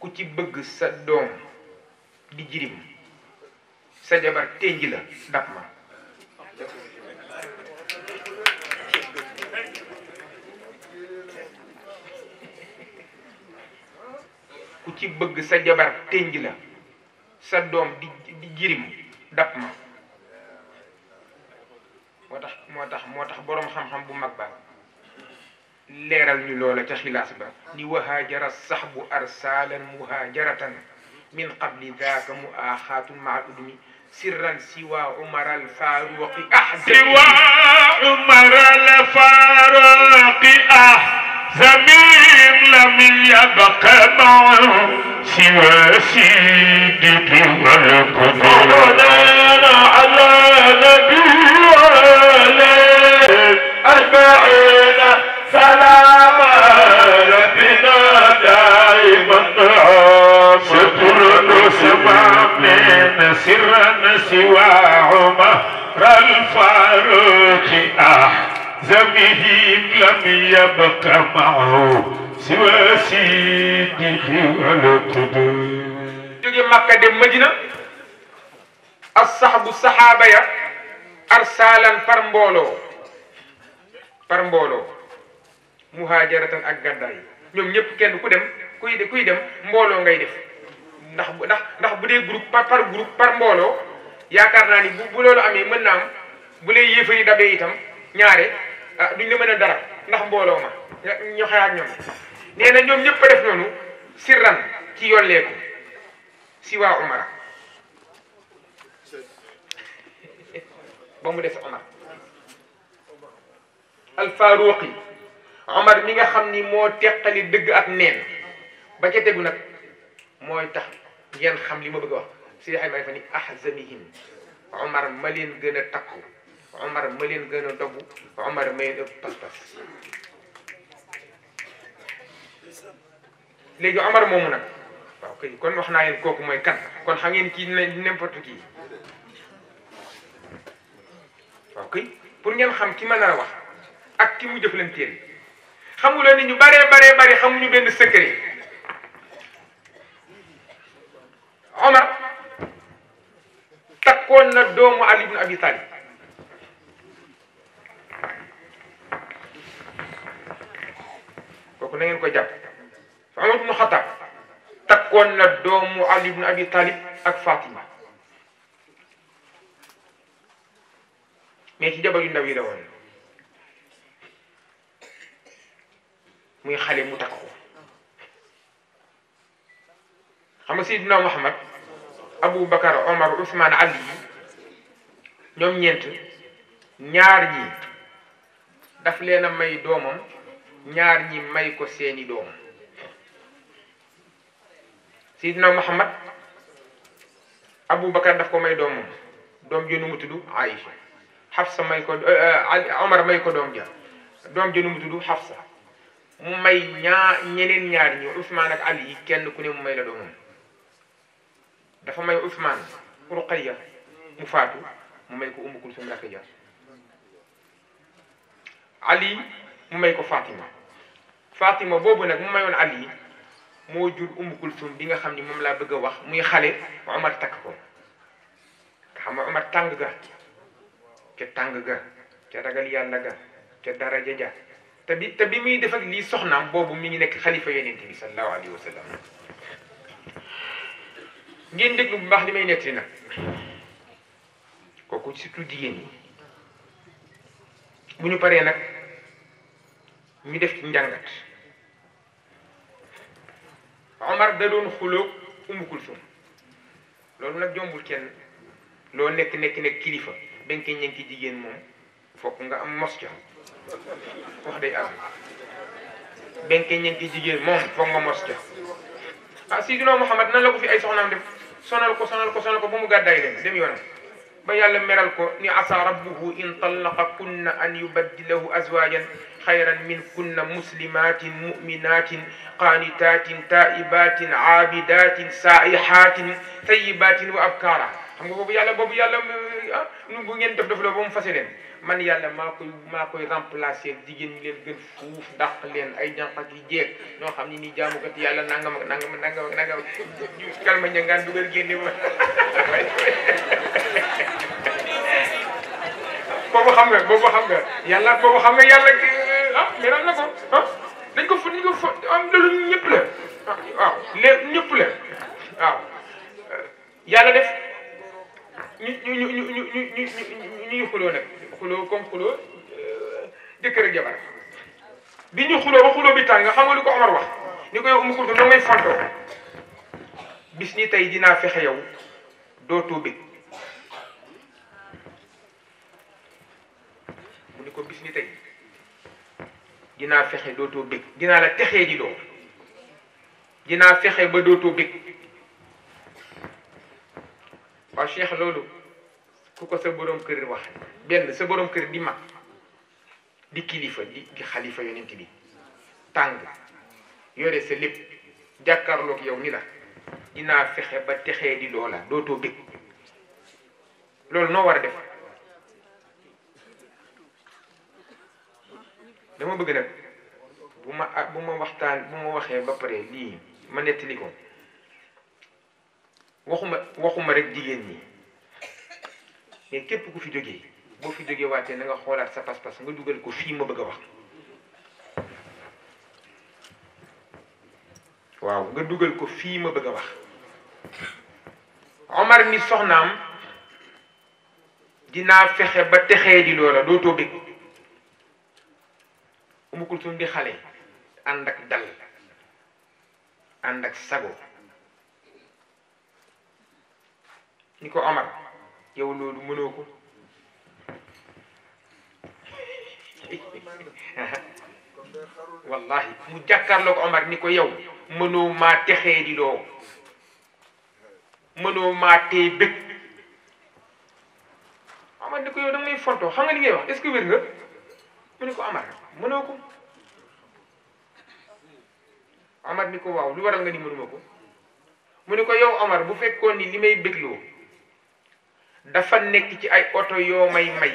Speaker 2: ku ci bëgg sa doom di jirim sa jabar ténji la daf ma ku ci bëgg sa jabar ténj la sa doom di di jirim dab ma moo tax moo tax moo tax xam-xam bu mag ba leral ñu loola ca xilaas ba ni hajara sahbu arsalan muhajaratan min qabli daaka mu aaxaatun maa udmi al سوى ah siwa umar al
Speaker 3: عمر ah أحزم إن لم يبق معه سوى سيدك والقدر على نبي وآله أجمعين سلام ربنا دائما ستر سمع من سرا سوى عمر الفاروق أحزمهم
Speaker 1: لم يبق معه di siddiqi wala
Speaker 4: tudd ma
Speaker 2: Makka dem Madina as saxbu saxaaba ya arsaalan par mbooloo par mbooloo muhaajaratan ak gàddaay ñoom ñëpp kenn ku dem kuy de kuy dem mbooloo ngay def ndax ndax ndax bu dee groupe par par groupe par mbooloo yaakaar naa ni bu bu loolu amee mën na am bu lay yéefar yi dabee itam ñaare ah, duñ la mën a dara ndax mbooloo ma ñu xayaat ñoom nee na ñoom ñëpp def noonu sirran ci yolleeku si waa Umar ba mu des Umar alfaaruqi Umar mi nga xam ni moo teqali dëgg ak neen ba ca tegu nag mooy tax ngeen xam li ma bëgg a wax si ay may fa ahzamihim Umar ma leen takku Umar Umar léegi Omar moomu nag waaw kay kon wax naa leen kooku mooy kan kon xam ngeen kii n'importe qui waaw kay pour ngeen xam ki ma nar wax ak ki mu jëflanteel xamu leen ni ñu baree baree bari xamuñu benn secret Omar takkoon na doomu Ali ibn Abi Talib kooku na ngeen ko jàpp. Umar ibnu Xattaab takkoon na doomu Ali ibnu Abi Talib ak Fatima mais ci jabar yu ndaw yi muy xale mu takk ko xam nga Seydina Muhammad Abu Bakar Omar Ousmane Ali ñoom ñeent ñaar ñi daf leen a may doomam ñaar ñi may ko seeni doomam Seydina Muhammad Aboubacar daf ko may doomam doom jënu mu tudd Aïcha Hafsa may ko Omar may ko doom ja doom jënu mu tudd Hafsa mu may ñaar ñeneen ñaar ñi Ousmane ak Ali yi kenn ku ne mu may la doomam dafa may Ousmane Ruqayya mu faatu mu may ko Umm Kulsum rakk ja Ali mu may ko Fatima Fatima boobu nag mu mayoon Ali moo jur umu kulsum bi nga xam ni moom laa bëgg a wax muy xale Omar takk ko xam ne Omar tàng ga ca tàng ga ca ragal yàlla ga ca dara ja te bi te bi muy def ak lii soxnaam boobu mi ngi nekk xalifa bi sallallahu alayhi wa sallam ngeen déglu bu baax li may nettali nag kooku surtout jigéen ñi bu ñu paree def ci njàngat Omar da doon xulóog Umu Kulsum loolu nag jombul kenn loo nekk nekk nekk kilifa benn ki ñenki jigéen moom fokk nga am mos ca wax day am benn ki ñenki jigéen moom fokk nga mos ca ah Sidina Muhammad nan la ko fi ay soxnaam def sonal ko sonal ko sonal ko ba mu gàddaay leen dem yoonam ba yàlla meral ko ni asa rabbuhu in tallaqa kunna an yubaddilahu azwajan خيرا منكن مسلمات مؤمنات قانتات تائبات عابدات سائحات ثيبات وأبكارا xam nga boobu yàlla boobu yàlla ah, nu bu ngeen def def la ba mu fase leen man yàlla maa koy maa koy remplacer jigéen ñi leen gën fuuf dàq leen ay jànqat yi jeeg noo xam ni jaamukat yàlla nangam ak nangam nangam ak nangam kalma dugal boobu xam nga boobu xam nga yàlla boobu xam nga yàlla leeral na ko ah dañ ko fa dañ ko fa am na lu ñëpp la waaw leer ñëpp la waaw yàlla def ñu ñu ñu ñu ñu ñu ñu ñu xuloo nag xuloo comme xuloo euh, jëkkër ak jabar bi ñu xuloo ba xuloo bi tàng nga xam nga lu ko Omar wax ni ko yow mu xultu noo may fantoo bis ni tey dinaa fexe yow dootoo bég mu ni ko bis ni tey dinaa fexe dootoo bég dinaa la texee di loo dinaa fexe ba dootoo bég waaw cheikh loolu ku ko sa borom kër wax benn sa borom kër di mag di kilifa di di xalifa yonent bi tàng yore sa lépp jàkkaarloog yow ni la dinaa fexe ba texee di loola dootoo bég loolu noo war a def dama bëgg nag bu ma bu ma waxtaan bu ma waxee ba pare lii ma nettali ko waxuma waxuma rek jigéen ñi mais képp ku fi jógee bo fi jógee waatee na nga xoolaat sa pas-pas nga dugal ko fii ma bëgg a wax waaw nga dugal ko fii ma bëgg a wax Omar mi soxnaam dinaa fexe ba texee di loola dootoo bëgg Umu Kulsum di xale ànd ak dal ànd ak sago ni ko Omar yow loolu mënoo ko wallahi mu jàkkaarloo Omar ni ko yow mënoo maa texee di loo mënoo maa tee Omar ni ko yow da fontoo xam nga li wax est nga mu ne ko Omar mënoo ko Omar ni ko waaw lu waral nga ni mënuma ko mu ni ko yow Omar bu fekkoon ni li may bégloo dafa nekk ci ay oto yoo may may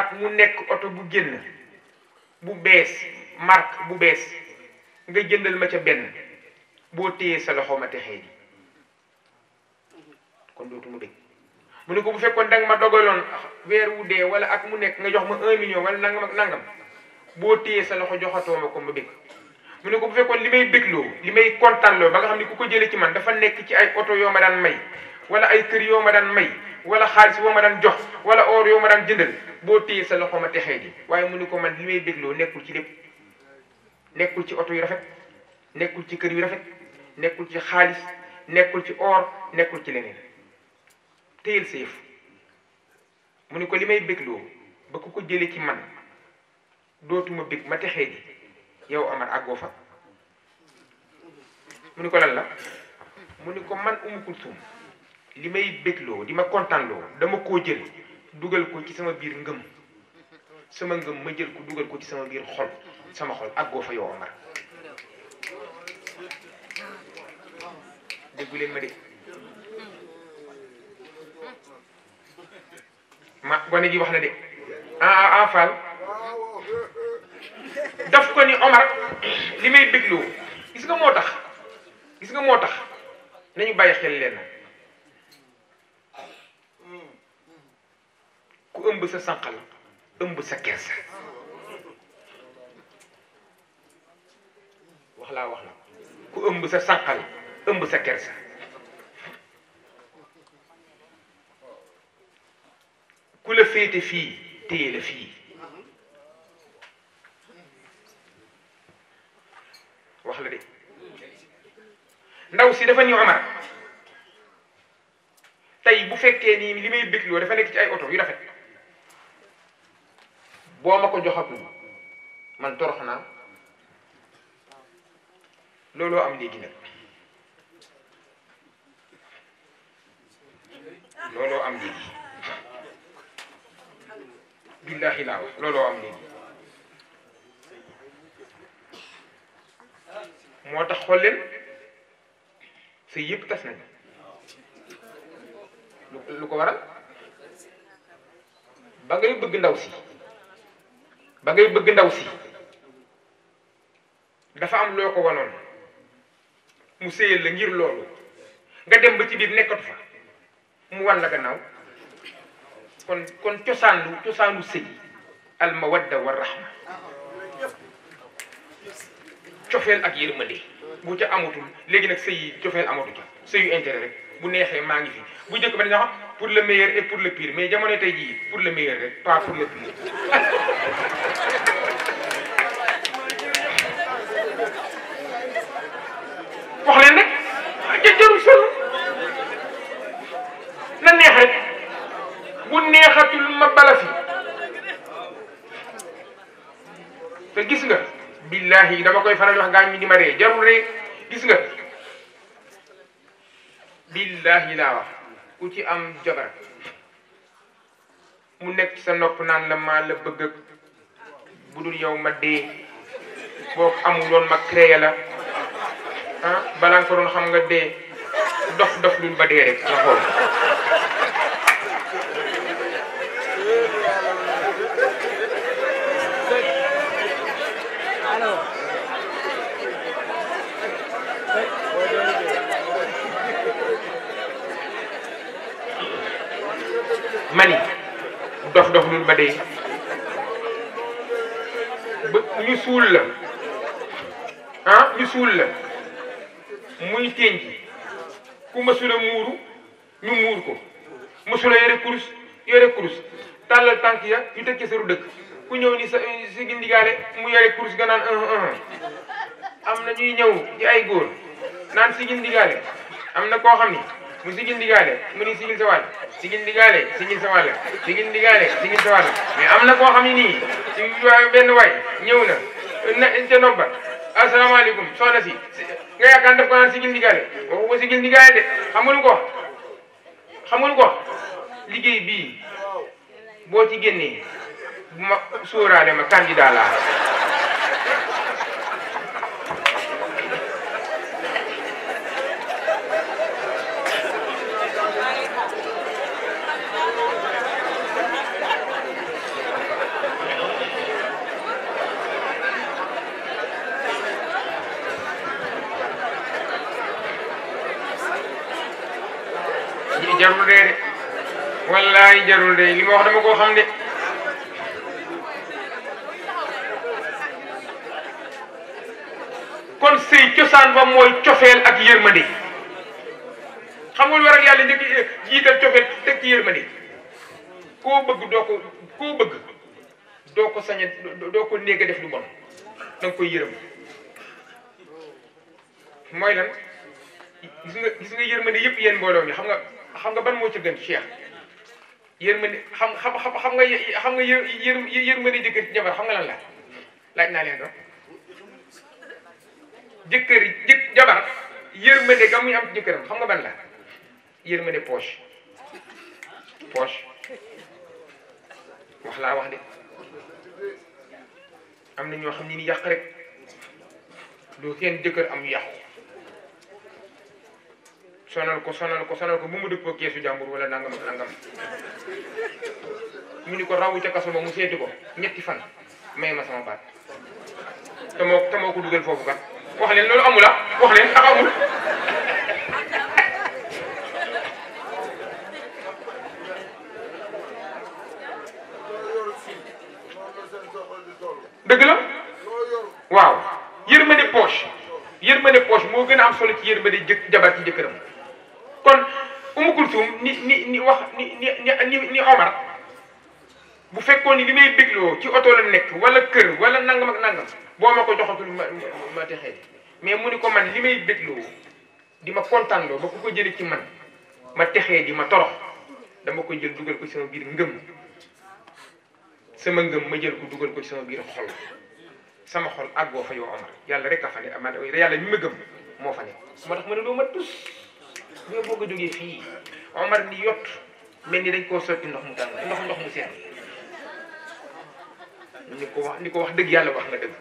Speaker 2: ak mu nekk oto bu génn bu bees marque bu bees nga jëndal ma ca benn boo téyee sa loxo ma texee ji kon dootuma bég mu ne ko bu fekkoon danga ma dogaloon weer wu dee wala ak mu nekk nga jox ma un million wala nangam ak nangam boo téyee sa loxo joxatoo ma ko ma bëgg mu ne ko bu fekkoon li may bégloo li may kontaanloo ba nga xam ne ku ko jëlee ci man dafa nekk ci ay oto yoo ma daan may wala ay kër yoo ma daan may wala xaalis yoo ma daan jox wala or yoo ma daan jëndal boo téyee sa loxo ma texee di waaye mu ne ko man li may bégloo nekkul ci lépp nekkul ci oto yu rafet nekkul ci kër yu rafet nekkul ci xaalis nekkul ci or nekkul ci leneen téyel séef mu ni ko li may bégloo ba ku ko jële ci man dootuma bég ma texee gi yow Amar àggoo fa mu ni ko lan la mu ni ko man Umu Kulsum li may bégloo di ma kontaanloo dama koo jël dugal ko ci sama biir ngëm sama ngëm ma jël ko dugal ko ci sama biir xol sama xol àggoo fa yow Amar déggu ma dégg ma gone ji wax na de ah ah Fall daf ko ni Omar li may dégloo gis nga moo tax gis nga moo tax nañu bàyyi xel leen ku ëmb sa sànqal ëmb sa kees wax laa wax la ku ëmb sa sànqal ëmb sa kersa كل فيتي في تيلي في وحل دي ندوسي دفني عمر تاي طيب، بو فكيني لي مي بيكلو دا فا نيك اي اوتو يو رافيت بو ماكو جوخاتو مان تورخنا لولو ام ليغي نك لولو ام ليغي billahi laa wax looloo am léegi moo tax xool leen sëy yëpp tas nañ lu ko waral ba ngay bëgg ndaw si ba ngay bëgg ndaw si dafa am loo ko wanoon mu séyal la ngir loolu nga dem ba ci biir nekkatu fa mu wan la gannaaw كن كن تسانو تسانو سي المودة والرحمة تشوفيل اك يرمدي بو تي اموتول لغي نك سي تشوفيل اموتو سي انتري رك بو نيهي ماغي في بو ديك بني نخ pour le meilleur et pour le pire mais jamono tay ji pour le meilleur rek pas pour le pire te gis nga billahi dama koy faral wax gaañ mi di ma ree jarul ree gis nga billahi laa wax ku ci am jabar mu nekk sa nopp naan la maa la bëgg bu dul yow ma dee boo amul woon ma créé la ah, balaa nga ko doon xam nga dee dof dof luñ ba dee rek nga xool dof dof lul ba dee ñu suul la ah ñu suul la muy ténj ku mësula muuru ñu muur ko mësula yore kurus yore kurus tàllal tànk ya ñu teg ci saru dëkk ku ñëw ni sa si gi ndigaale mu yore kurus ga naan ah, ah, ah. am na ñuy ñëw ci ay góor naan si gi ndigaale am na koo xam ni mu sigil ndigaale mu ni sigil sa wàll sigil ndigaale sigil sa wàll sigil ndigaale sigil sa wàll mais am na foo xam ne nii si waa benn waay ñëw na na ca nobba asalaamaaleykum na si nga yaakaar daf ko naan sigil ndigaale waxu ko sigil ndigaale de xamul ko xamul ko liggéey bi boo ci génnee bu ma sóoraale ma candidat laa jarul dee de wallaay jarul dee li ma wax dama koo xam ne kon cosaan ba mooy cofeel ak yërmande xam nga lu war ak yàlla njëkk eh, jiital cofeel teg ci yërmande koo ko koo bëgg doo ko sañ doo ko néeg a def lu bon da nga koy yërëm mooy lan gis nga gis nga yërmande yëpp yéen mbooloo mi xam nga xam nga ban moo ci gën cheikh yërmande xam xam xam xam nga xam nga yër yërmande jëkkër ci jabar xam nga lan la laaj naa leen doon jëkkër jëkk jabar yërmande ga muy am jëkkër jëkkëram xam nga ban la yërmande poche poche wax laa wax de am na ñoo xam ne ni yàq rek lu seen jëkkër am yàqu sonal ko sonal ko sonal ko bu mu dëppoo keesu jàmbur wala nangam nangam mu ni ko rawu ca kasso ba mu seeti ko ñetti fan may ma sama baat te moo te moo ko duggal fofu kat wax len lolu amula wax len ak amul deug la waaw yermane poche yermane poche mo gëna am solo ci yermane jëk jabar ci jëkëram nekkul juum ni ni ni wax ni ni ni ni Omar bu fekkoon ni li may bégloo ci oto la nekk wala kër wala nangam ak nangam boo ma ko joxatul ma ma texee mais mu ni ko man li bégloo di ma kontaanloo ba ku ko jëlee ci man ma texee di ma torox dama ko jël dugal ko sama biir ngëm sama ngëm ma jël ko dugal ko sama biir xol sama xol àggoo fa yow Omar yàlla rek a fa ne man yàlla ñu ma gëm moo fa ne moo tax ma ne doo ma tus bu nga a jógee fii Omar ni yott mel ni dañ koo sotti ndox mu tàng ndox ndox mu seen ni ko wax ni ko wax dëgg yàlla wax nga dëgg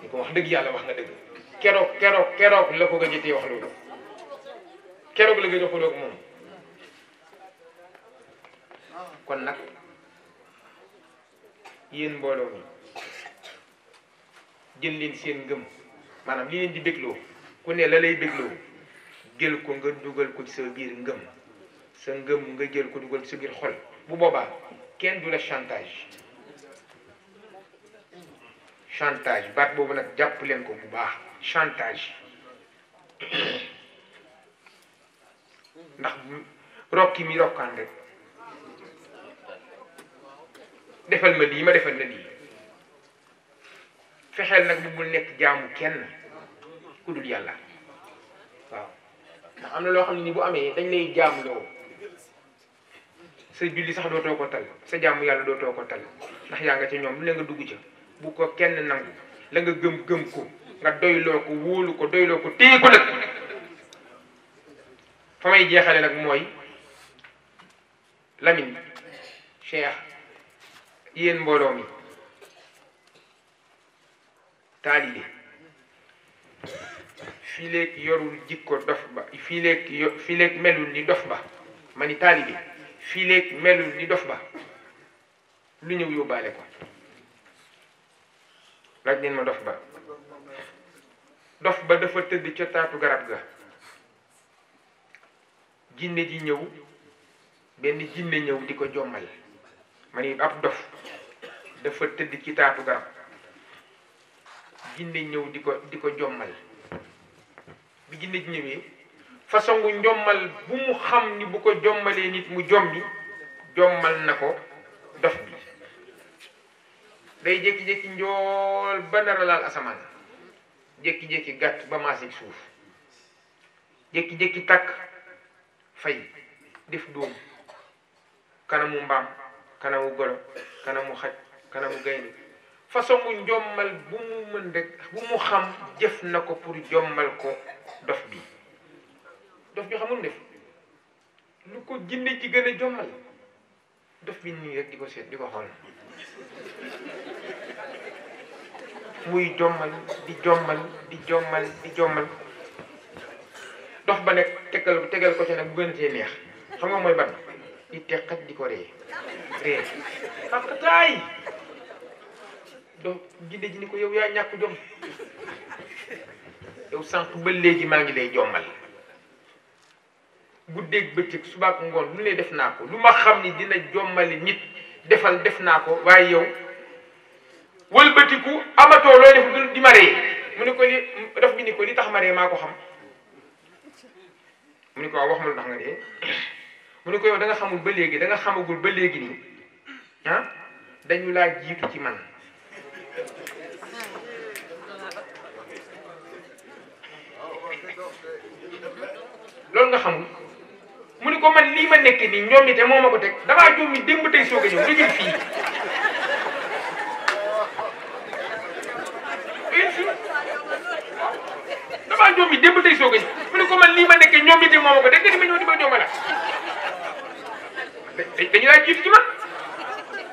Speaker 2: ni ko wax dëgg yàlla wax nga dëgg keroog keroog keroog la ko gëjëtee wax loolu keroog la gëj a xuloo ak moom kon nag yéen mbooloo mi jël leen seen ngëm maanaam li leen di bégloo ku ne la lay bégloo jël ko nga dugal ko ci sa biir ngëm sa ngëm nga jël ko dugal ci sa biir xol bu boobaa kenn du la chantage chantage baat boobu nag jàpp leen ko bu baax chantage ndax rokki mi rokkaan rek defal ma lii ma defal na lii fexeel nag bu bul nekk jaamu kenn ku dul yàlla waaw ndax am na loo xam ne nii bu amee dañ lay jaamu loo sa julli sax doo too ko tal sa jaamu yàlla doo too ko tal ndax yaa nga ca ñoom lu la nga dugg ca bu ko kenn nangu la nga gëm gëm ko nga doyloo ko wóolu ko doyloo ko téye ko nag fa may jeexale nag mooy Lamine Cheikh yéen mbooloo mi taalibe fii yorul jikko dof ba fii yor yo fii léegi melul ni dof ba mani ni taalibe fii léegi melul ni dof ba lu ñëw yóbbaale ko laaj ma dof ba dof ba dafa tëdd ca taatu garab ga jinne ji ñëw benn jinne ñëw di ko jommal ma ab dof dafa tëdd ci taatu garab jinne ñëw di ko di ko jommal bi jinne ji jommal, façon ham njommal bu mu xam ni bu ko jommalee nit mu jombi jommal nako ko dof bi day jékki-jékki njool ba nar a laal asamaan jékki-jékki gàtt ba maasig suuf jékki-jékki tak fay def dóom kanamu mbaam kanamu golo kanamu xaj kanamu gaynde façon mu njommal bu mu mën rek bu mu xam jëf na ko pour jommal ko dof bi dof bi xamul ne lu ko jinne ci gën a jommal dof bi di ko seet di ko muy jommal jommal di jommal di jommal dof ba nekk tegal tegal ko ci nag bu gën see neex xam nga mooy ban di teqat di ko ree ree xaqtaay donc gidde ji ni ko yow yaa ñàkk jom yow sànq ba léegi maa ngi lay jommal guddeeg bëccëg subaak ngoon lu ne def naa ko lu ma xam ni dina jommali nit defal def naa ko waaye yow wëlbatiku amatoo looy def di maree mu ne ko li daf bi ni ko li tax maree maa ko xam mu ne ko waaw wax mu lu tax nga mu ne ko yow da nga xamul ba léegi da xamagul ba léegi nii ah, dañu laa jiitu ci man loolu nga xamul mu ni ko man lii ma nekk nii ñoom itam moo ma ko teg damaa juum mi démb tey soog a ñëw nga fii damaa juum mi démb tey soog a ñëw mu ni ko man lii ma nekk ñoom itam moo ma ko teg nga di ma ñëw di ma joomala dañu laa jiitu ci man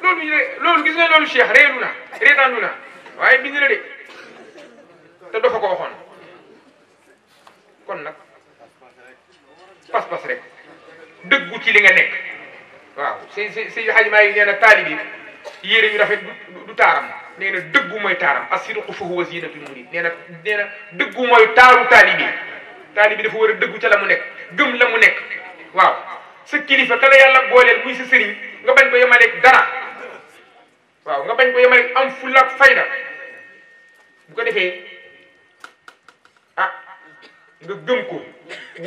Speaker 2: loolu loolu gis nga loolu Cheikh réeru na reetaanu na waaye bind na de te dafa ko waxoon kon nag pas-pas rek dëggu ci li nga nekk waaw si si si xaj maa yi nee na taalib yi yére yu rafet du taaram nee na dëggu mooy taaram as-sidqu dëggu mooy taaru taalib yi taalib bi dafa war a dëggu ca la mu nekk gëm la mu nekk waaw sa kilifa ka la yàlla booleel muy sa sëriñ nga bañ ko yemaleeg dara waaw nga bañ ko yemale am fulla ak fayda bu ko defee ah nga gëm ko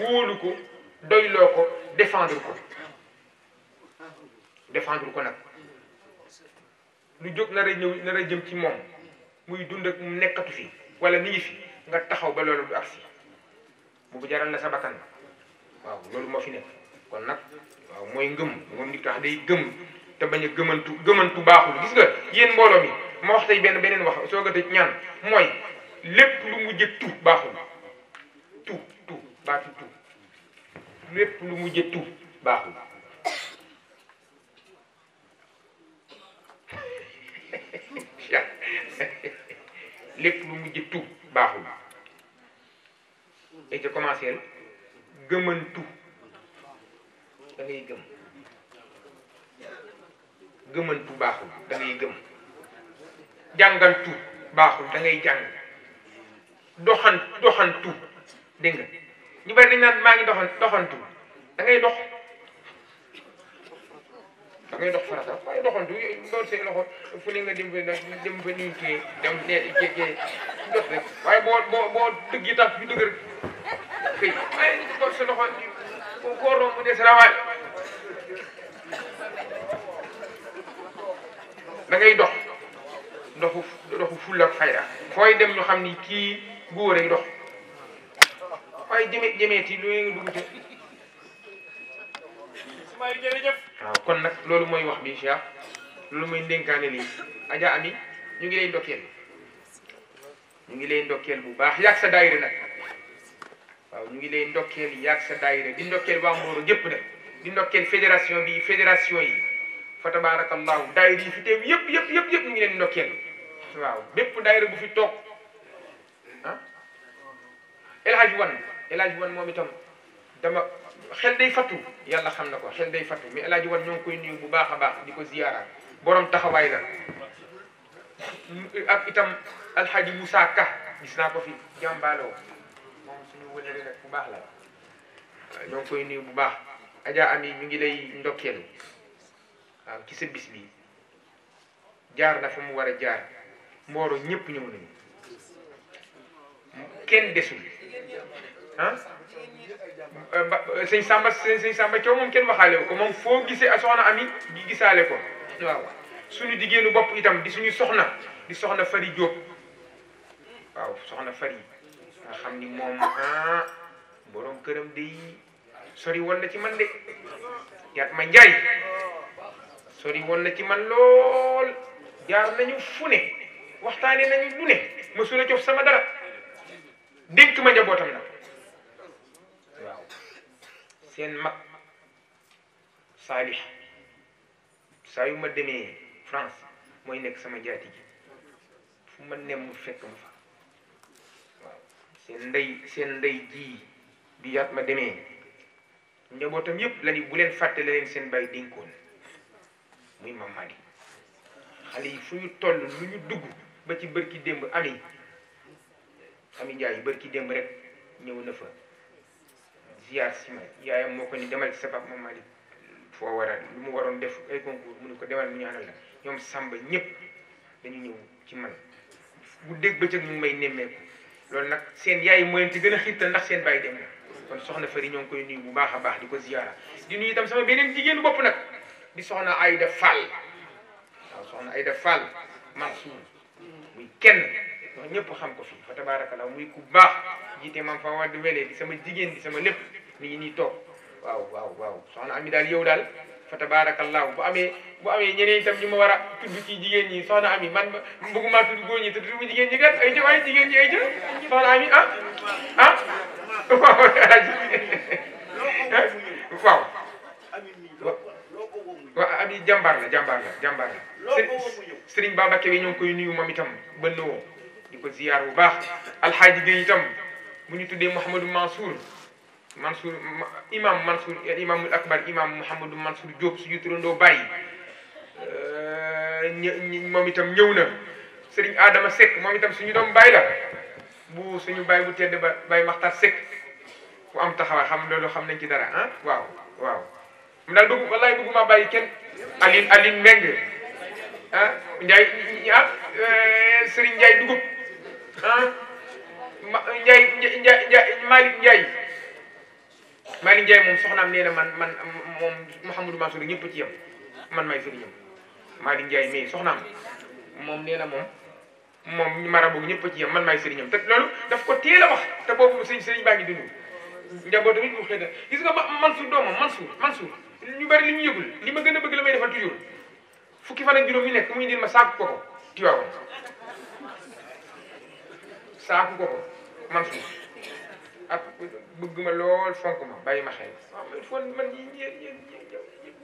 Speaker 2: wóolu ko doyloo ko défendre ko défendre ko nag lu jóg nar a ñëw nar jëm ci moom muy dund ak mu nekkatu fi wala mi ngi fi nga taxaw ba loolu du agsi bu jaral na sa bakkan waaw loolu moo fi nekk kon nag waaw mooy ngëm moom nit tax day gëm te bañ a gëmantu gëmantu baaxul gis nga yéen mbooloo mi ma wax tey benn beneen wax soo ko tëj ñaan mooy lépp lu mu jëg baaxul tuub tuub baatu lu mu jëg tuub baaxul lépp lu mu jëg tuub baaxul et ca commencé gëmantu da ngay gëm gëmantu baaxul da ngay gëm jàngantu baaxul da ngay jàng doxan doxantu dégg nga ñu bari dañ naan maa ngi doxan doxantu da ngay dox da ngay dox farata waaye doxantu loolu say loxo fu ne nga dem ba dem ba nii kii dem nee kii kii dox rek waaye boo boo boo dëgg yi tax yu dëgër dox sa loxo koo romb des rawaay da dox doxu doxu fulla ak fayda fooy dem ñu xam ni kii góor ay dox waaye jëme jëmeeti lu ngeen dugg te waaw kon nag loolu mooy wax bi Cheikh loolu mooy ndénkaane lii Adja Ami ñu ngi lay ndokkeel ñu ngi lay ndokkeel bu baax yàgg sa daayira nag waaw ñu ngi lay ndokkeel yàgg sa daayira di ndokkeel waa Mboro gépp nag di ndokkeel fédération bi fédération yi fa tabaarakallaahu daayira yi fi teew yëpp yëpp yëpp yëpp ñu ngi leen ndokkeel waaw bépp daayira bu fi toog ah El Hadj Wan El Hadj Wan moom itam dama xel day fattu yàlla xam na ko xel day fattu mais El Hadj Wan ñoo koy nuyu bu baax a baax di ko ziyaara borom taxawaay la ak itam alxaaji Moussa gis naa ko fi jàmbaaloo moom bu baax la ñoo ngi koy bu baax mi ngi lay ndokkeel waaw ci sa bis bii jaar na fa mu war a jaar mbooro ñépp ñëw nañu kenn desul ah euh, euh, sëñ Samba sëñ Samba Thiaw moom kenn waxaale ko moom foo gisee a ah, soxna ami di gisaale ko waaw suñu jigéenu bopp itam di suñu soxna di soxna Fari Diop waaw soxna Fari nga xam ni moom ah këram day sori woon na ci man de yaat ma njaay sori woon na ci man lool jaar nañu fu ne waxtaane nañu lu ne mësula jox sama dara dénk ma njabootam nag waaw seen mag saalix saa yu ma demee France mooy nekk sama jaati ji fu ma nem mu fekk ma fa seen ndey seen ndey ji bi yaat ma demee njabootam yëpp la ni bu leen fàtte la leen seen bàyyi dénkoon muy Mame Maguette xale yi fu ñu toll lu ñu dugg ba ci bërki démb xam ami ami Ndiaye ki démb rek ñëw na fa ziar si ma yaayam moo ko ni demal ci sa foo war a lu mu waroon def ay concours mu ne ko demal mu ñaanal la ñoom Samba ñëpp dañu ñëw ci man bu dégg bëccëg ñu ngi may nemmeeku loolu nag seen yaay moo leen ci gën a xiirtal ndax seen bàyyi dem na kon soxna Fari ñoo ngi koy nuyu bu baax a baax di ko ziyaara di nuyu itam sama beneen jigéenu bopp nag di soxna fal Fall fal soxna Ayda fal Mansour muy kenn ñoo ñëpp xam ko fi fa tabarakallah muy ku baax jité mam fa wad di di sama jigen di sama lepp ni ngi nii toog waaw waaw waaw soxna ami dal yow dal fa tabarakallah bu amé bu amé ñeneen tam ñuma wara tudd ci jigen ñi soxna ami man bëgguma tudd góor ñi tudd mu jigen ñi kat ay jë
Speaker 3: ay jigen ñi ay jë soxna ami ah ah
Speaker 2: waa abi jàmbaar la jàmbaar la jàmbaar la sëriñ bi ñoo ngi koy nuyu moom itam bënn woo di ko ziyaar bu baax alxaaji Gueye itam bu ñu tuddee Mouhamadou Mansour Mansour imam Mansour eh, imamul akbar imam Mouhamadou Mansour Diop suñu turandoo bàyyi euh, ñ moom itam ñëw na sëriñ Adama Seck moom itam suñu doom bàyyi la bu suñu bàyyi bu tedd ba bàyyi Maxtaar Seck bu am taxawaay xam loolu xam nañ ci dara ah waaw waaw ndax dugg wallaay dugguma bàyyi kenn Aline Aline Meng ah Ndiaye ah euh, Serigne Ndiaye dugub ah Ndiaye Ndiaye Ndiaye Malick moom soxnaam nee na man man moom Mouhamadou Mansour ñëpp ci yam man may sëriñam Malick Ndiaye mais soxnaam moom nee na moom moom marabu ñëpp ci yam man may sëriñam te loolu daf ko teel a wax te boobu sëriñ sëriñ baa ngi dund njaboot tamit mu xëy na gis nga ma Mansour doomam Mansour Mansour ñu bari li mu yëgul li ma gën a bëgg la may defal toujours fukki fan ak juróom yi nekk muy indil ma saaku koko tiwaaw saaku koko man su ak bëgg ma lool fonk ma bàyyi ma xel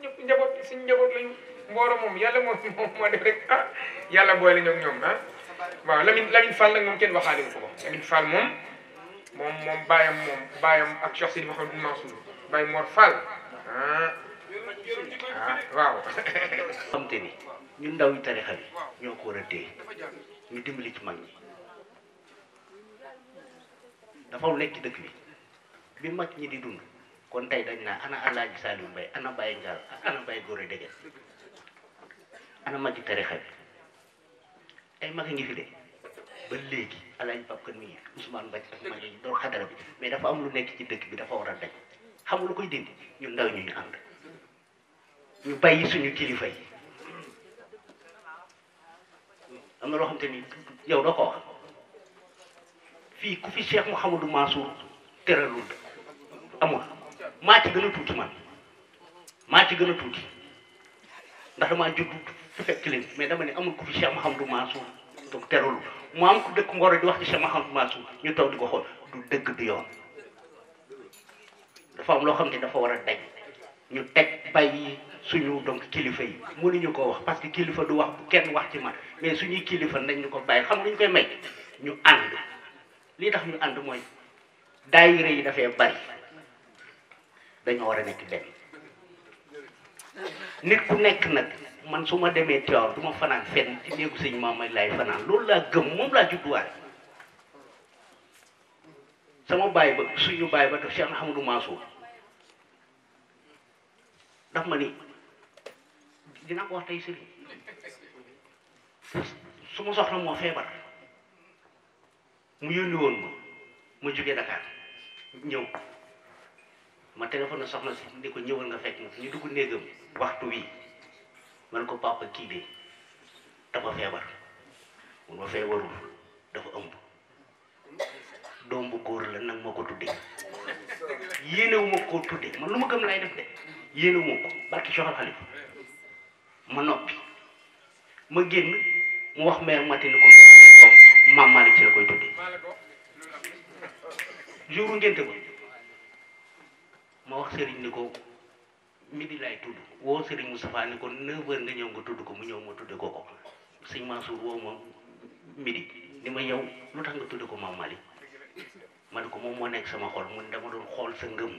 Speaker 2: ñëpp ah, njaboot suñ njaboot lañu mbooro yàlla moo ah, yàlla booy la ñoom ñoom ah waaw Lamine Lamine Fall nag moom kenn waxaale ko ko moom moom moom bàyyam moom bàyyam ak Cheikh Sidi Mouhamadou Mansour
Speaker 5: Baye Mor Fall ah ah waaw. ni ñu ndaw yi tarixa bi ñoo ko war a téye ñu dimbali ci mag ñi dafa nekk ci dëkk bi bi mag ñi di dund kon tey dañ naa ana Alaaji Saliou Mbaye ana Baye Ngal ana Baye Goré Dégé ana mag yi tarixa bi ay mag a ngi fi de ba léegi Alaaji Pape Kane mi ngi fi Ousmane Mbaye ak mag yi doon xadara bi mais dafa am lu nekk ci dëkk bi dafa war a daj xamul lu koy dindi ñun ndaw ñu ñu ñu bàyyi suñu kilifa yi am na loo xam te ni yow doo ko wax fii ku fi Cheikh Mouhamadou Mansour teralul amul maa gën a tuuti man maa ci gën a tuuti ndax damaa judd fekk leen mais dama ne amul ku fi Cheikh Mouhamadou Mansour donc teralul mu am ku dëkk Ngoro di wax ci Cheikh Mouhamadou Mansour ñu taw di ko xool du dëgg du yoon dafa am loo xam ne dafa war a daj ñu teg bàyyi suñu donc kilifa yi mënuñu ko wax parce que kilifa du wax bu kenn wax ci man mais suñuy kilifa nañ ñu ko bàyyi xam ñu koy may ñu ànd lii tax ñu ànd mooy daayira yi dafay bari dañoo war a nekk benn nit ku nekk nag man su ma demee Tiwaawan du ma fanaan fenn ci néegu sëñ may lay fanaan loolu laa gëm moom laa judduwaale sama baay ba suñu baay ba daf Cheikh Ahmadou Mansour daf ma ni dina ko wax tey sëriñ su ma soxla moo feebar mu yónni woon ma ma jógee Dakar ñëw ma téléphone na soxna si ni ko ñëwal nga fekk ñu dugg néegam waxtu wi man ko papa kii de dafa feebar mun ma feebarul dafa ëmb doom bu góor la nag ma ko tuddee yéenewu ko tuddee man lu ma gëm laay def de yéenewu ko barki soxal xalifa ma noppi ma génn mu wax mère Maty ni ko su maam Malick ci la koy tuddee jour ngénte ba ma wax Serigne ni ko midi laay tudd woo Serigne Moustapha ni ko 9h nga ñëw nga tudd ko mu ñëw ma tuddee ko ko sëñ woo ma midi ni ma yow lu tax nga tuddee ko maam moom mo nek sama xol mun dama doon xol sa ngeum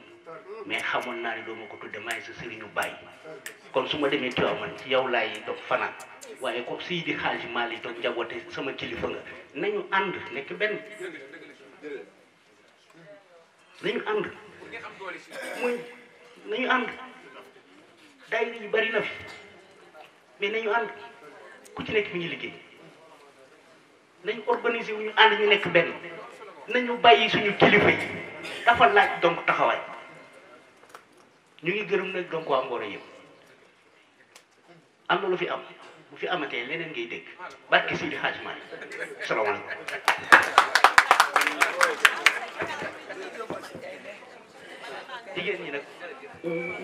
Speaker 5: mais xamoon na ni do mako tudde may sa serigne bay kon suma demé demee man ci yow lay do fanaan waye ko sii di xaalis maa lay doog njaboote sama kilifa nga nañu and nek ben nañu and muy nañu and day ni bari na fi mais nañu and ku ci nek mi ngi liggéey nañu organiser wu ñu ànd ñu nek ben nañu bàyyi suñu kilifa yi dafa laaj donc taxawaay ñu ngi gërëm nag donc waa Mboro yëpp am na lu fi am bu fi amatee leneen ngay dégg barke si di xaaj maay salaamaaleykum jigéen ñi nag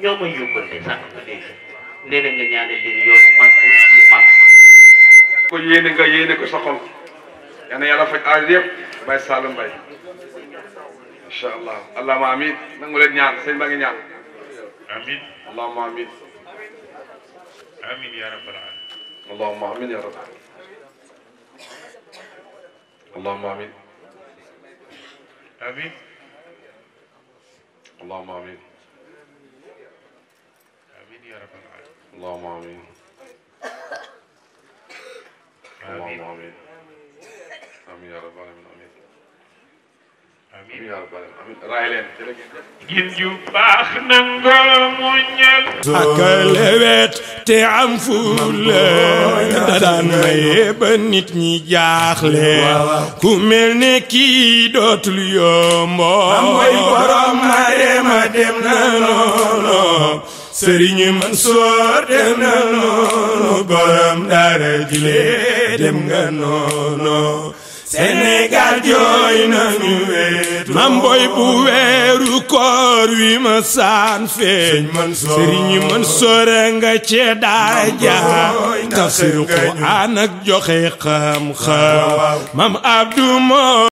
Speaker 5: ñoo nga ñaanal leen yoonu màgg ko yéene nga yéene ko sa xol yal na yàlla faj aaj
Speaker 2: yëpp
Speaker 3: bay Saloum Mbaye incha allah allahuma amin nangu leen ñaan sëñ ba ngi ñaan amin allahuma amin amin ya rabbal alamin allahuma amin ya rabb allahuma amin amin اللهم امين امين يا رب العالمين
Speaker 1: اللهم امين اللهم امين امين يا رب العالمين امين gin yu
Speaker 3: baax nangoo muñal ak
Speaker 1: lewet te am fulla da daan maye ba nit ñi jaaxle ku mel ne kii dootul yombo mooy borom mare ma dem na noono sëriñ Mansoor dem na noono borom daara jile dem nga noono Sénégal jooy nañu weetu mam boy bu weeru koor wi ma saan feeñ sëriñ Mansoor nga ci daara ja tafsir Quraan
Speaker 4: ak joxe xam-xam mam Abdou